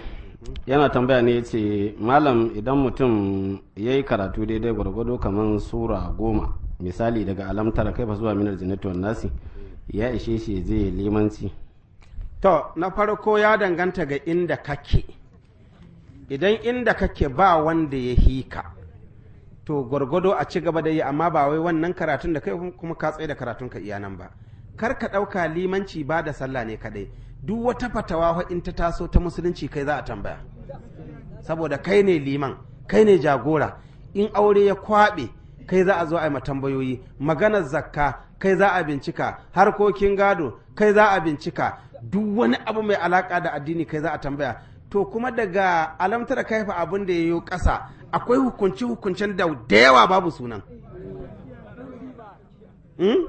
yana tambaya ne ce malam idan mutum ya yi karatu daidai gwargwado kamar sura goma misali daga alamtar kai fa zuwa minar jinatuwan nasi ya ishe shi zai limanci to na farko ya danganta ga inda kake idan inda kake ba wanda ya hika to gwargwado a ci gaba da yi amma ba wai wannan karatun da kai kuma ka tsaye da karatun ka iya nan ba kar ka ɗauka limanci ba da sallah ne kaɗai duk wata fatawa in ta taso ta musulunci kai za a tambaya saboda kai ne liman kai ne jagora in aure ya kwaɓe kai za a zo a yi tambayoyi maganar zakka kai za a bincika harkokin gado kai za a bincika duk wani abu mai alaka da addini kai za a tambaya to kuma daga alamtar kaifa abin da ya yi ƙasa akwai hukunci hukuncen da da yawa babu sunan hmm?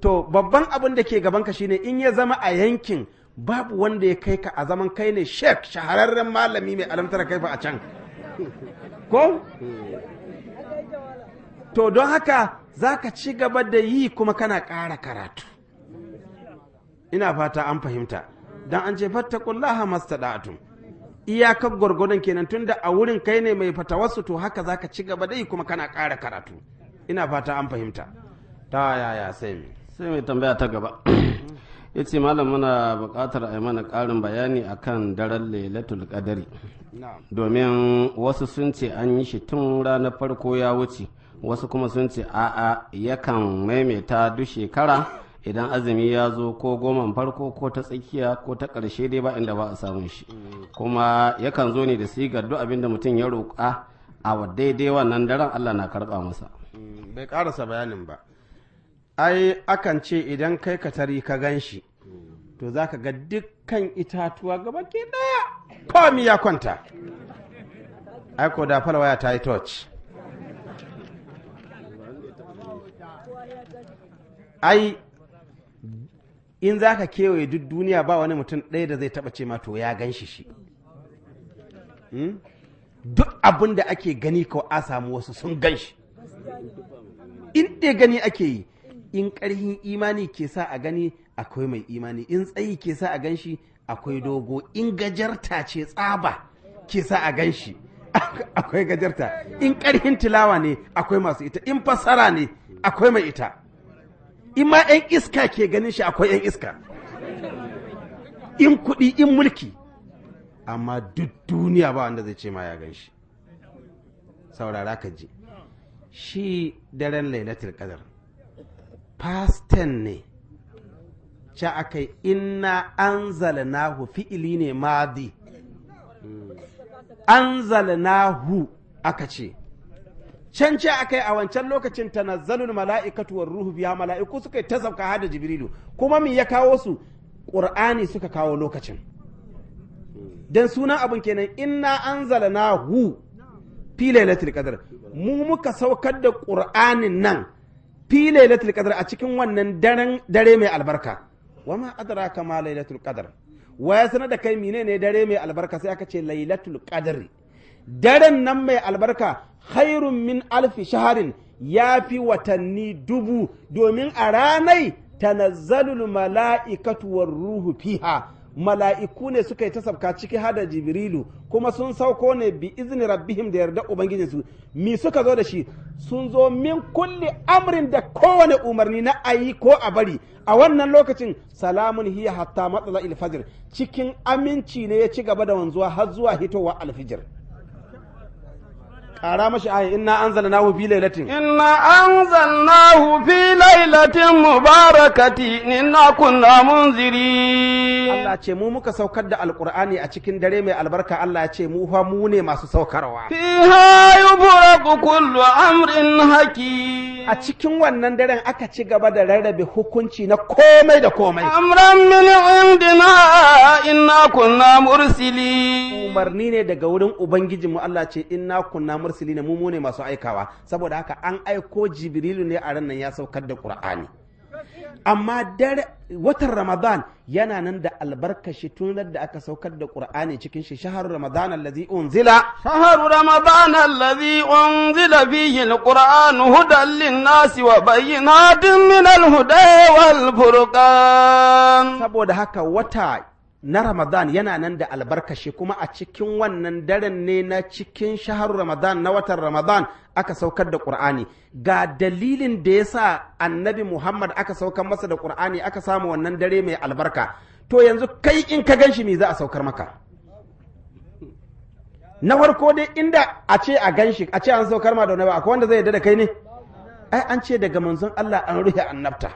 to babban abin da ke gabanka shine in ya zama a yankin babu wanda ya kai ka a zaman kai ne shek shahararren malami mai alamtar kaifa a can ko to don haka za ka ci gaba da yi kuma kana ƙara karatu ina fata an fahimta dan an ce fattaqullaha mastada'tum iyakar gwargwadon kenan tunda a wurin kai ne mai fatawarsu to haka zaka ci gaba dai kuma kana ƙara karatu ina fata an fahimta ta yaya sai mai sai mai tambaya ta gaba ya ce malam muna buƙatar a yi mana ƙarin bayani akan daren lailatul qadari domin wasu sun ce an yi shi tun ranar farko ya wuce wasu kuma sun ce a'a yakan maimaita duk shekara idan azumi ya zo ko goman farko ko ta tsakiya ko ta ƙarshe dai ba inda ba a samun shi kuma yakan zo ne da sigar duk abin da mutum ya roƙa a daidai wannan daren Allah na karɓa masa mm, bai ƙarasa bayanin ba ai akan ce idan kai ka tari ka gan shi to za ka ga dukkan itatuwa gaba ke ɗaya komi ya kwanta ai ko da falwaya ta yi touch ai in za ka kewaye duk duniya ba wani mutum ɗaya da zai taɓa ce ma to ya gan shi shi hmm? duk abin da ake gani ko a samu wasu sun gan shi in ɗaya gani ake yi in ƙarhin imani ke sa a gani akwai mai imani in tsayi ke sa a gan shi akwai dogo in gajarta ce tsaba ke sa a gan shi akwai gajarta in ƙarhin tilawa ne akwai masu ita in fassara ne akwai mai ita in ma 'yan iska ke ganin shi akwai 'yan iska in kuɗi in mulki amma duk duniya ba wanda zai ce ma ya gan shi saurara ka ji shi daren lailatul qadar fastan ne ca aka yi inna anzalnahu fi'ili ne madi hmm. anzalnahu aka ce can ce akai a wancan lokacin tanazzalul mala'ikatu war ruhu biya mala'iku suka ta sauka hada jibrilu kuma me ya kawo su ƙur'ani suka kawo lokacin dan sunan abun kenan inna hu fi lailatul qadr mu muka saukar da qur'anin nan fi lailatul qadr a cikin wannan daren dare mai albarka wa ma adraka ma lailatul qadr waya sanar da kai menene dare mai albarka sai aka ce lailatul qadr daren nan mai albarka khairun min alfi shaharin ya fi watanni dubu domin a ranai tanazzalul mala'ikatu mala'ikatuwar ruhu fiha mala'iku ne suka yi ta sabka ciki hada jibrilu kuma sun sauko ne bi izini rabbihim da yarda ubangijinsu mi suka zo da shi sun zo min kulli amrin da kowane umarni na ayi ko a bari a wannan lokacin salamun hiya hatta matsala ilfajir cikin aminci ne ya ci gaba da wanzuwa har zuwa hitowa alfijir kara mashi aya inna anzalnahu fi lailatin inna anzalnahu fi lailatin mubarakati inna kunna munziri Allah ce mu muka saukar da alqur'ani a cikin dare mai albarka Allah ya ce mu fa mu ne masu saukarwa fiha yubraku kullu amrin haki a cikin wannan daren aka ci gaba da rarrabe hukunci na komai da komai amran min indina inna kunna mursili umarni ne daga wurin ubangijinmu Allah ce inna kunna mursili mursilina mu mu ne masu aikawa saboda haka an aiko jibrilu ne a ran nan ya saukar da qur'ani amma dare watan ramadan yana nan da albarkashi tun da aka saukar da qur'ani cikin shi shahar ramadan allazi unzila shahar ramadan allazi unzila fihi alquran hudan linnasi wa bayyinatin min alhuda wal furqan saboda haka wata na Ramadan yana nan da albarkashi kuma a cikin wannan daren ne na cikin shahar Ramadan na watan Ramadan aka saukar da Ƙur'ani ga dalilin da ya sa annabi Muhammad aka saukar masa da Ƙur'ani aka samu wannan dare mai albarka to yanzu kai in ka gan shi me za a saukar maka na farko dai inda a ce a gan shi a ce an saukar ma da wani ba akwai wanda zai yarda da kai ne ai an ce daga manzon Allah an ruhe annabta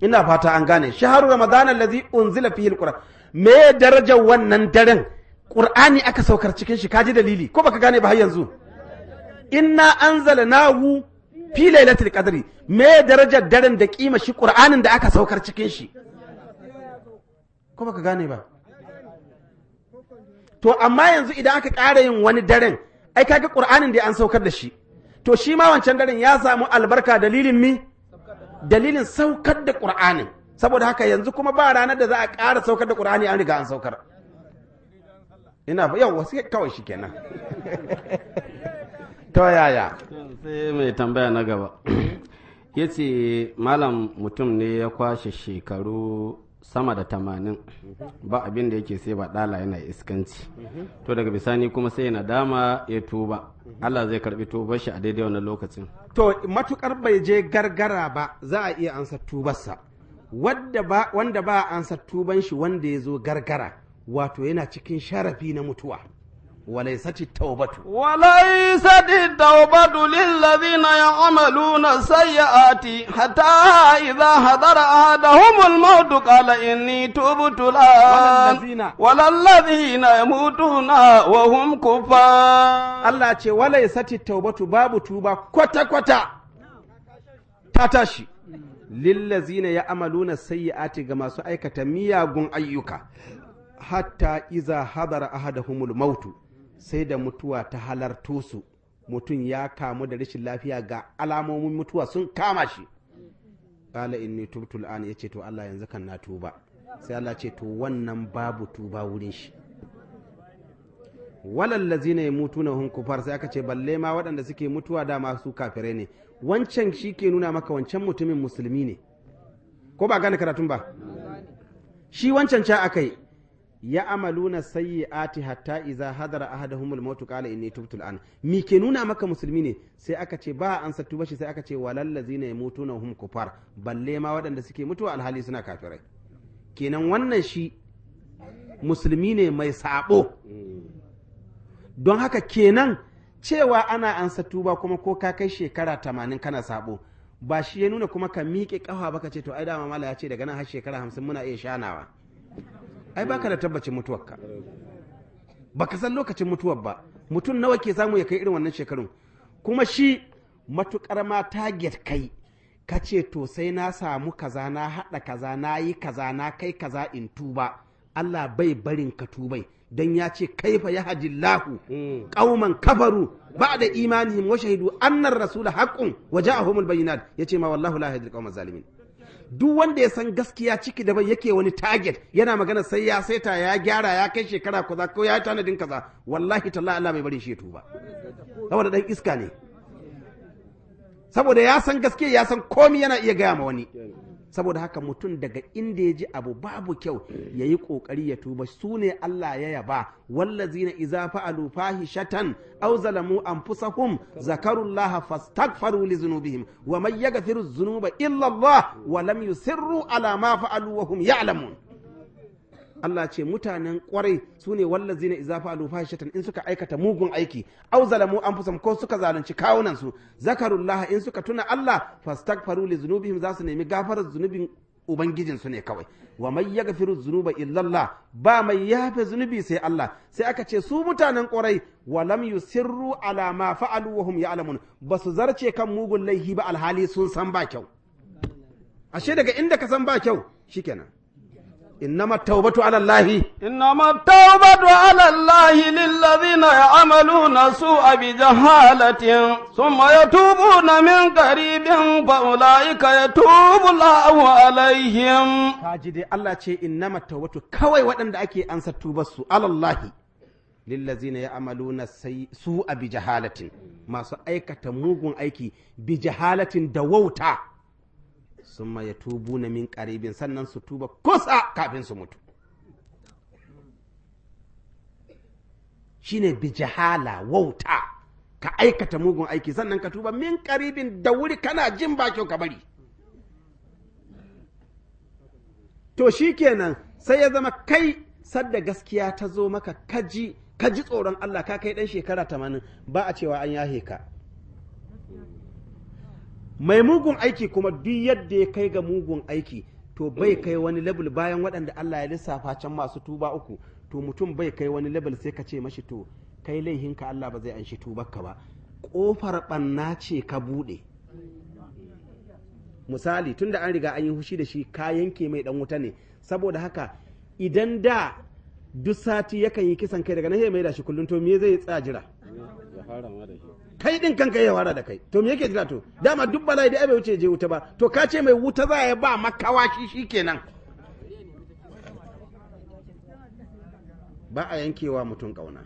ina fata an gane shaharu ramadana lazi unzila fihi alquran me darajar wannan daren qur'ani aka saukar cikin shi kaji dalili ko baka gane ba har yanzu inna anzalnahu fi lailatul qadri me darajar daren da kima shi qur'anin da aka saukar cikin shi ko baka gane ba to amma yanzu idan aka ƙara yin wani daren ai kaga qur'anin da an saukar da shi to shi ma wancan daren ya samu albarka dalilin mi dalilin saukar da ƙur'ani saboda haka yanzu kuma ba ranar da za a ƙara saukar da ƙur'ani an riga an saukar ina ba yau wasu kawai shi kenan to yaya sai mai tambaya na gaba ya malam mutum ne ya kwashe shekaru sama da tamanin ba abin da yake sai ba dala yana iskanci to daga bisani kuma sai yana dama ya tuba Allah zai karbi tubar shi a daidai wannan lokacin to matukar bai je gargara ba za a iya ansa tubarsa wanda ba wanda ba ansa tuban shi wanda ya zo gargara wato yana cikin sharafi na mutuwa Walai sati taubatu. Walai taubatu lillazi na ya amaluna sayyi ati, hata a izan hadari haɗa humul maudu ƙala'in ni tubutulan. Walallan Allah ce walai taubatu babu tuba kwata-kwata ta tashi. Lillazi na ga masu aikata miyagun ayyuka, hatta iza hadari haɗa humul sai da mutuwa ta halarto su mutum ya kamu da rashin lafiya ga alamomin mutuwa sun kama shi qala inni an ya ce to Allah yanzu kan na tuba sai Allah ce to wannan babu tuba wurin shi walal lazina mutu na kufar sai aka ce balle ma waɗanda suke mutuwa da masu kafirai ne wancan shi ke nuna maka wancan mutumin musulmi ne ko ba gane karatun ba shi wancan ca aka yi. ya amaluna ati hatta iza hadara ahaduhumul mautu qala inni tubtu al'an mi ke nuna maka musulmi ne sai aka ce ba an sattu bashi sai aka ce walal mutu yamutuna hum kufar balle ma waɗanda suke mutuwa alhali suna kafirai kenan wannan shi musulmi ne mai sabo don haka kenan cewa ana an tuba kuma ko ka kai shekara tamanin kana sabo ba shi ya nuna kuma ka miƙe ƙafa ba ka ce to ai dama mala ya ce daga nan har shekara hamsin muna iya shanawa ai baka da tabbacin mutuwarka baka san lokacin mutuwar ba mutum nawa ke samu ya kai irin wannan shekarun kuma shi matukar ma target kai ka ce to sai na samu kaza na haɗa kaza na yi kaza na kai kaza in tuba Allah bai barin ka tubai dan ya ce kaifa ya hadillahu ƙauman kafaru ba da imanihim wa shahidu annar rasul haqqun wa ja'ahumul bayyinat yace ma wallahu la yahdil qawmaz zalimin duk wanda ya san gaskiya ciki da bai yake wani target yana magana sai ya saita ya gyara ya kai shekara kaza ko ya yi tanadin kaza wallahi talla Allah bai bari shi tuba saboda dan iska ne saboda ya san gaskiya ya san komi yana iya gaya ma wani saboda haka mutum daga inda ya ji abu babu kyau ya yi ƙoƙari ya tuba su ne Allah ya yaba wallazina iza fa'alu fahishatan aw zalamu anfusahum zakarullah fastaghfaru li zunubihim wa man yaghfiru dhunuba illa Allah wa lam yusirru ala ma fa'alu wa hum ya'lamun Allah ce mutanen kwarai su ne wallazina izafa alufa shatan in suka aikata mugun aiki auzalamu zalamu fusam ko suka zalunci kawunan su zakarullaha in suka tuna Allah fastaghfaru li zunubihim za su nemi gafarar zunubin su ne kawai wa mai ya gafiru zunuba illallah ba mai yafe zunubi sai Allah sai aka ce su mutanen kwarai wa lam yusirru ala ma fa'alu wa hum ya'lamun ba su zarce kan mugun laihi ba alhali sun san ba kyau ashe daga inda ka san ba kyau shikenan إنما التوبة على الله إنما التوبة على الله للذين يعملون سوء بجهالة ثم يتوبون من قريب فأولئك يتوب الله عليهم تاجد الله شيء إنما التوبة كوي وأن دعكي أنسى التوبة على الله للذين يعملون سوء بجهالة ما سأيكة موغن أيكي بجهالة دووتا summa ya tubu na min karibin sannan su tuba kusa kafin su mutu shine bijahala wauta ka aikata mugun aiki sannan ka tuba min karibin da wuri kana jin bakin ka bari to shi kenan sai ya zama kai sadda gaskiya ta zo maka kaji kaji tsoron Allah ka kai dan shekara 80 ba a cewa an yahe ka mai mugun aiki kuma duk yadda ya kai ga mugun aiki to bai kai wani level bayan waɗanda Allah ya lissafa can masu tuba uku to mutum bai kai wani level sai ka ce mashi to kai ka Allah ba zai anshi tubarka ba ƙofar ɓanna ce ka buɗe misali tunda an riga an yi hushi da shi ka yanke mai dan wuta ne saboda haka idan da duk sati yakan yi kisan kai daga nan ya mai da shi kullum to me zai tsaya jira kai din kanka ya wara da kai to me yake jira to dama duk bala'i da abai wuce je wuta ba to ka ce mai wuta za ya ba makawashi kenan ba a yankewa mutum kauna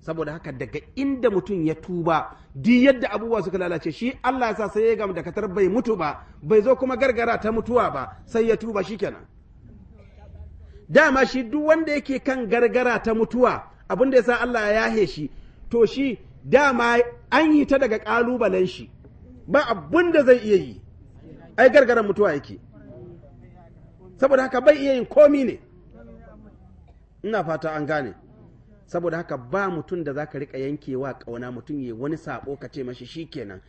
saboda haka daga inda mutum ya tuba di yadda abubuwa suka lalace shi Allah ya sa sai ya gamu da katar bai mutu ba bai zo kuma gargara ta mutuwa ba sai ya tuba shi kenan dama shi duk wanda yake kan gargara ta mutuwa abinda da ya sa Allah ya yahe shi to shi dama an yi ta daga ƙalubalen shi ba abin da zai iya yi ai gargaran mutuwa yake saboda haka bai iya yin komi ne ina fata an gane saboda haka ba mutum da za ka riƙa yankewa ƙauna mutum ya wani saɓo ka ce mashi shi kenan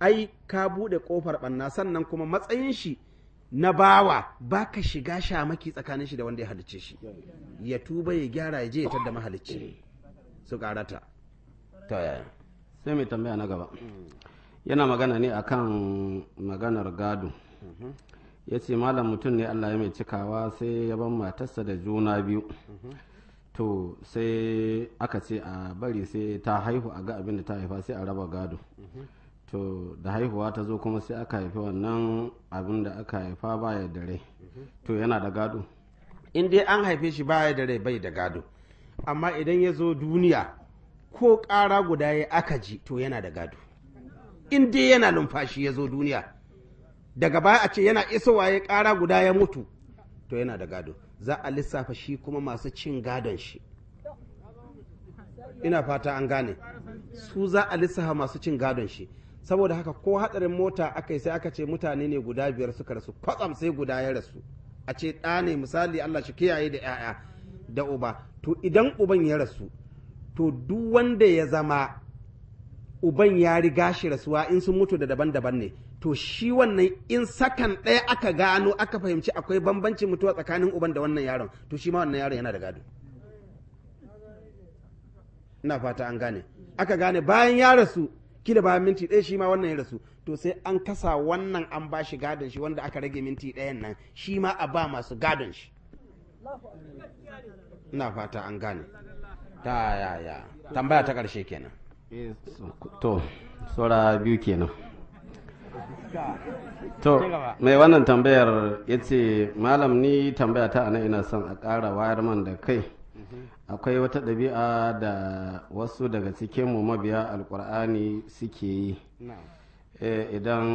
ai ka buɗe ƙofar ɓanna sannan kuma matsayin shi na bawa ba ka shiga shamaki tsakanin shi da wanda ya halicce shi ya tuba ya gyara ya je ya tadda mahalicci su so, ta sai mai tambaya na gaba yana magana ne akan maganar gado ya ce malam mutum ne allah ya mai cikawa sai ya ban matarsa da juna biyu to sai aka ce a bari sai ta haihu a ga abin da ta haifa sai a raba gado to da haihuwa ta zo kuma sai aka haifi wannan abin da aka haifa baya da rai to yana da gado in dai an haife shi baya da rai bai da gado amma idan ya zo duniya ko ƙara guda ya aka ji to yana da gado in dai yana numfashi ya zo duniya daga baya a ce yana isowa ya ƙara guda ya mutu to yana da gado za a lissafa shi kuma masu cin gadon shi ina fata an gane su za a lissafa masu cin gadon shi saboda haka ko hatsarin mota aka yi sai aka ce mutane ne guda biyar suka rasu kwatsam sai guda ya rasu a ce ɗa ne misali allah shi kiyaye da 'ya'ya da uba to idan uban ya rasu to duk wanda ya zama uban ya riga shi rasuwa in sun mutu da daban-daban ne to shi wannan in sakan ɗaya aka gano aka fahimci akwai bambancin mutuwa tsakanin uban da wannan yaron to shi ma wannan yaron yana da gado ina fata an gane aka gane bayan ya rasu kila bayan minti ɗaya shi ma wannan ya rasu to sai an kasa wannan an ba shi gadon shi wanda aka rage minti ɗayan nan shi ma a ba masu gadon shi ina fata an gane ta tambaya ta karshe kenan eh, to saura biyu kenan to mai wannan tambayar ya ce malam ni tambaya ta ana ina son a ƙara wayar man da kai akwai wata ɗabi'a da wasu daga cikin mu mabiya alkur'ani suke yi eh, idan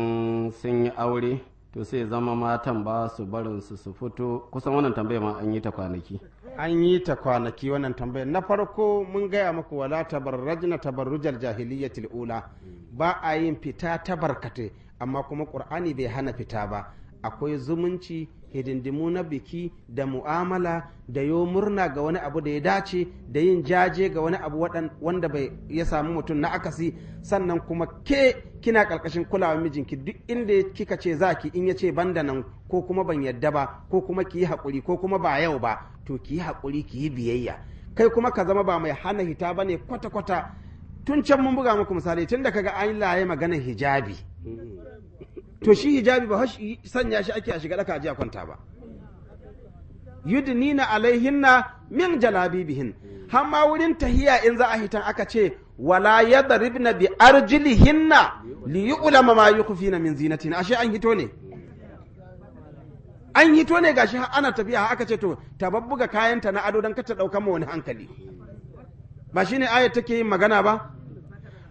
sun yi aure to sai zama matan ba su barin su su fito kusan wannan tambaya ma an yi ta kwanaki an yi ta kwanaki wannan tambaya na farko mun gaya muku wala tabarrajna tabarrujal jahiliyatil ula ba a yin fita ta barkate amma kuma qur'ani bai hana fita ba akwai zumunci hidindimu na biki da mu'amala da yo murna ga wani abu da ya dace da yin jaje ga wani abu wanda bai ya samu mutum na akasi sannan kuma ke kina karkashin kulawa mijinki duk inda kika ce zaki in ya ce da nan ko kuma ban yadda ba ko kuma ki yi haƙuri ko kuma ba yau ba to ki yi haƙuri ki yi biyayya kai kuma ka zama ba mai hana hita ba ne kwata-kwata tun can mun buga muku misali tun da kaga an laye maganar hijabi mm. to shi hijabi ba sanya shi ake a shiga daka a kwanta ba yudnina alaihinna min jalabibihin har ma wurin tahiya in za a hitan aka ce wala yadribna bi arjilihinna li yu'lama ma yukhfina min zinatina ashe an hito ne an hito ne gashi ana tafiya aka ce to tababbuga kayanta na ado dan ka ta dauka ma wani hankali ba shine ayat take yin magana ba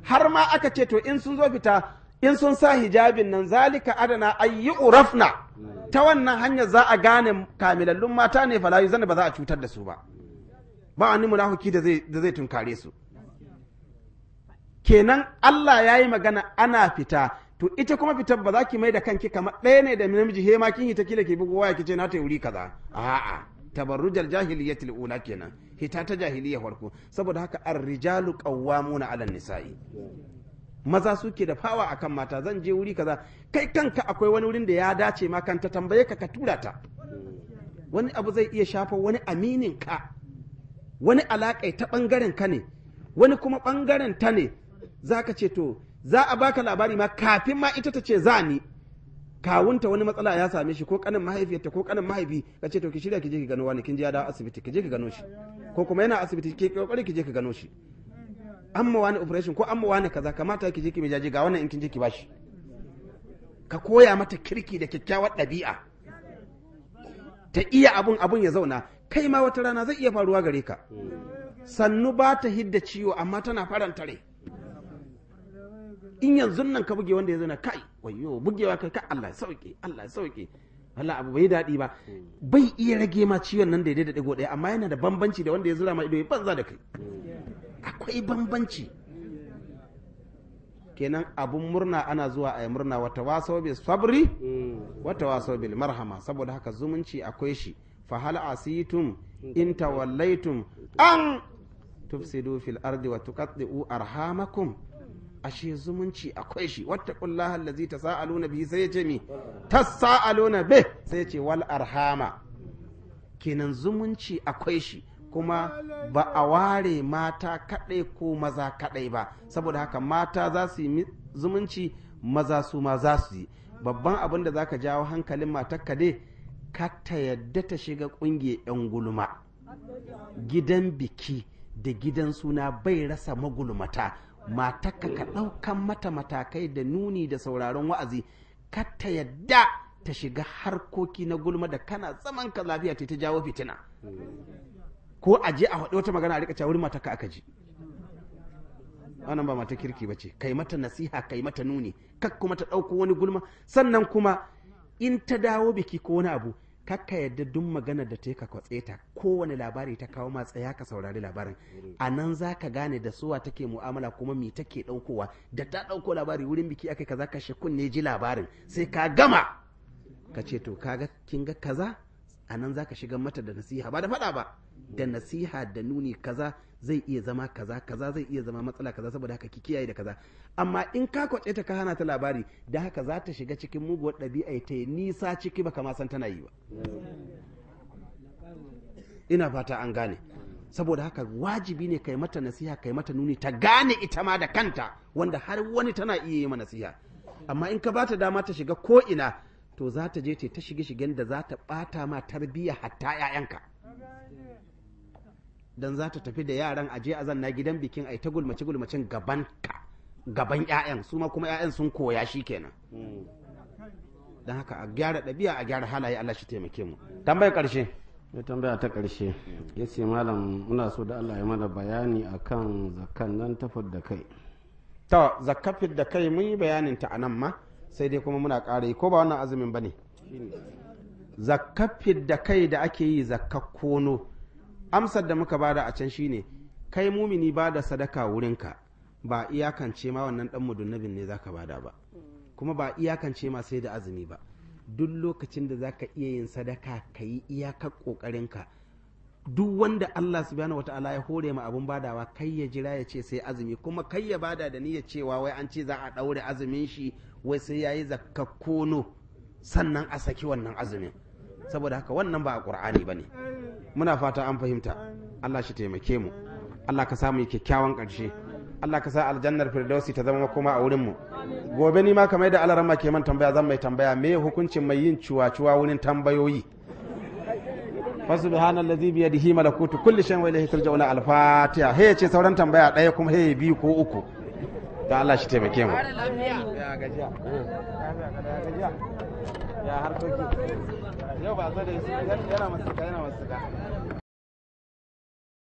har ma aka ce to in sun zo fita in sun sa hijabin nan zalika adana ayyi urafna ta wannan hanyar za a gane kamilallun mata ne fala zan ba za a cutar da su ba ba wani munafiki da zai da zai tunkare su kenan Allah ya yi magana ana fita to ita kuma fitar ba za ki mai da kanki kamar ɗaya ne da namiji he ma kin yi ta kila ke bugu waya kice na ta wuri kaza a'a tabarrujal jahiliyatil ula kenan hita ta jahiliya farko saboda haka ar-rijalu qawwamuna 'alan nisa'i maza suke da fawa akan mata zan je wuri kaza kai kanka akwai wani wurin da ya dace ma kan ta tambaye ka ka tura ta wani abu zai iya shafa wani aminin ka wani alakai ta bangaren ka ne wani kuma bangaren ta ne za ka ce to za a baka labari ma kafin ma ita ta ce za ni kawunta wani matsala ya same shi ko kanin mahaifiyarta ko kanin mahaifi ka ce to ki shirya ki je ki gano wani kin je ya dawo asibiti ki je ki gano shi ko kuma yana asibiti ki kokari ki je ki gano shi amma wani operation ko amma wani kaza kamata ki je ki mai jaje ga wannan in kin je ki bashi ka koya mata kirki da kyakkyawar ɗabi'a ta iya abun abun ya zauna kai ma wata rana zai iya faruwa gare ka sannu ba ta hidda ciwo amma tana faranta rai in yanzu nan ka buge wanda ya zauna kai wayo bugewa kai ka Allah sauke Allah sauke Allah abu bai daɗi ba bai iya rage ma ciwon nan daidai da ɗago ɗaya amma yana da bambanci da wanda ya zura ma ido ya banza da kai akwai bambanci kenan abun murna ana zuwa a yi murna wata waso bil sabri wata waso bil marhama saboda haka zumunci akwai shi fa hal asitum in tawallaitum an tufsidu fil ardi wa tuqaddu arhamakum ashe zumunci akwai shi Wata ta allazi tasaaluna bihi sai yace mi tasaaluna bih sai yace wal arhama kenan zumunci akwai shi kuma ba a ware mata kaɗai ko maza kaɗai ba saboda haka mata za su yi zumunci maza su ma za su yi babban abin da za ka jawo hankalin matarka dai ka ta yadda ta shiga ƙungiyar 'yan gulma gidan biki da gidan suna bai rasa magulmata matarka ka ɗaukan mata matakai da nuni da sauraron wa'azi ka ta yadda ta shiga harkoki na gulma da kana zaman ka lafiya ta jawo fitina ko a je a faɗi wata magana a rika cewa wurin matarka aka ji wannan ba mata kirki ba ce kai mata nasiha kai mata nuni kak kuma ta ɗauko wani gulma sannan kuma in ta dawo biki ko wani abu kakka yadda duk magana da ta yi ka kwatse ta kowane labari ta kawo ma tsaya ka saurari labarin a nan za ka gane da suwa take mu'amala kuma me take ɗaukowa da ta ɗauko labari wurin biki aka kaza ka shi kunne ji labarin sai ka gama ka ce to kaga kin ga kaza a nan za ka shiga mata da nasiha ba da faɗa ba da nasiha da nuni kaza zai iya zama kaza kaza zai iya zama matsala kaza saboda haka ki kiyaye da kaza amma in ka kwace ta ka hana ta labari da haka za ta shiga cikin muguwar ɗabi'a ta nisa ciki baka ma san tana yi ba ina fata an gane saboda haka wajibi ne kai mata nasiha kai mata nuni ta gane ita ma da kanta wanda har wani tana iya yi ma nasiha amma in ka bata dama ta shiga ko ina to za ta je ta shige shigen da za ta bata ma tarbiyya hatta 'ya'yanka dan za ta tafi da yaran aje a zanna gidan bikin ai ta gulmace gulmacin gaban ka gaban ƴaƴan su ma kuma ƴaƴan sun koya shi kenan dan haka a gyara ɗabi'a a gyara halaye Allah shi taimake mu tambayar ƙarshe ya tambaya ta ƙarshe ya ce malam muna so da Allah ya mana bayani akan zakan nan ta da kai to zakka da kai mun yi bayanin ta anan ma sai dai kuma muna ƙara yi ko ba wannan azumin bane zakka da kai da ake yi zakka kono amsar da muka bada a can shine kai mumini ba da sadaka wurinka ba iyakance ma wannan dan mudunnabin ne zaka bada ba kuma ba iyakance ma sai da azumi ba duk lokacin da zaka iya yin sadaka ka yi iyakar ka duk wanda Allah subhanahu wata'ala ya hore ma abun badawa kai ya jira ya ce sai azumi kuma kai ya bada da niyyar cewa wai an ce za a daure azumin shi wai sai yayi zakka kono sannan a saki wannan azumin saboda haka wannan ba a ƙur'ani ba ne muna fata an fahimta allah shi taimake mu allah ka samu kyakkyawan ƙarshe allah ka sa aljannar firdausi ta zama makoma a wurinmu gobe ni ma kamar da alarama ke man tambaya zan mai tambaya me hukuncin mai yin ciwa-ciwa wurin tambayoyi fasubhana allazi bi yadihi malakutu kulli shay'in wa ilayhi turja'una al-fatiha he ce sauran tambaya ɗaya kuma he biyu ko uku da Allah shi taimake mu ya gajiya ya harkoki yau ba zo da yana masu yana masu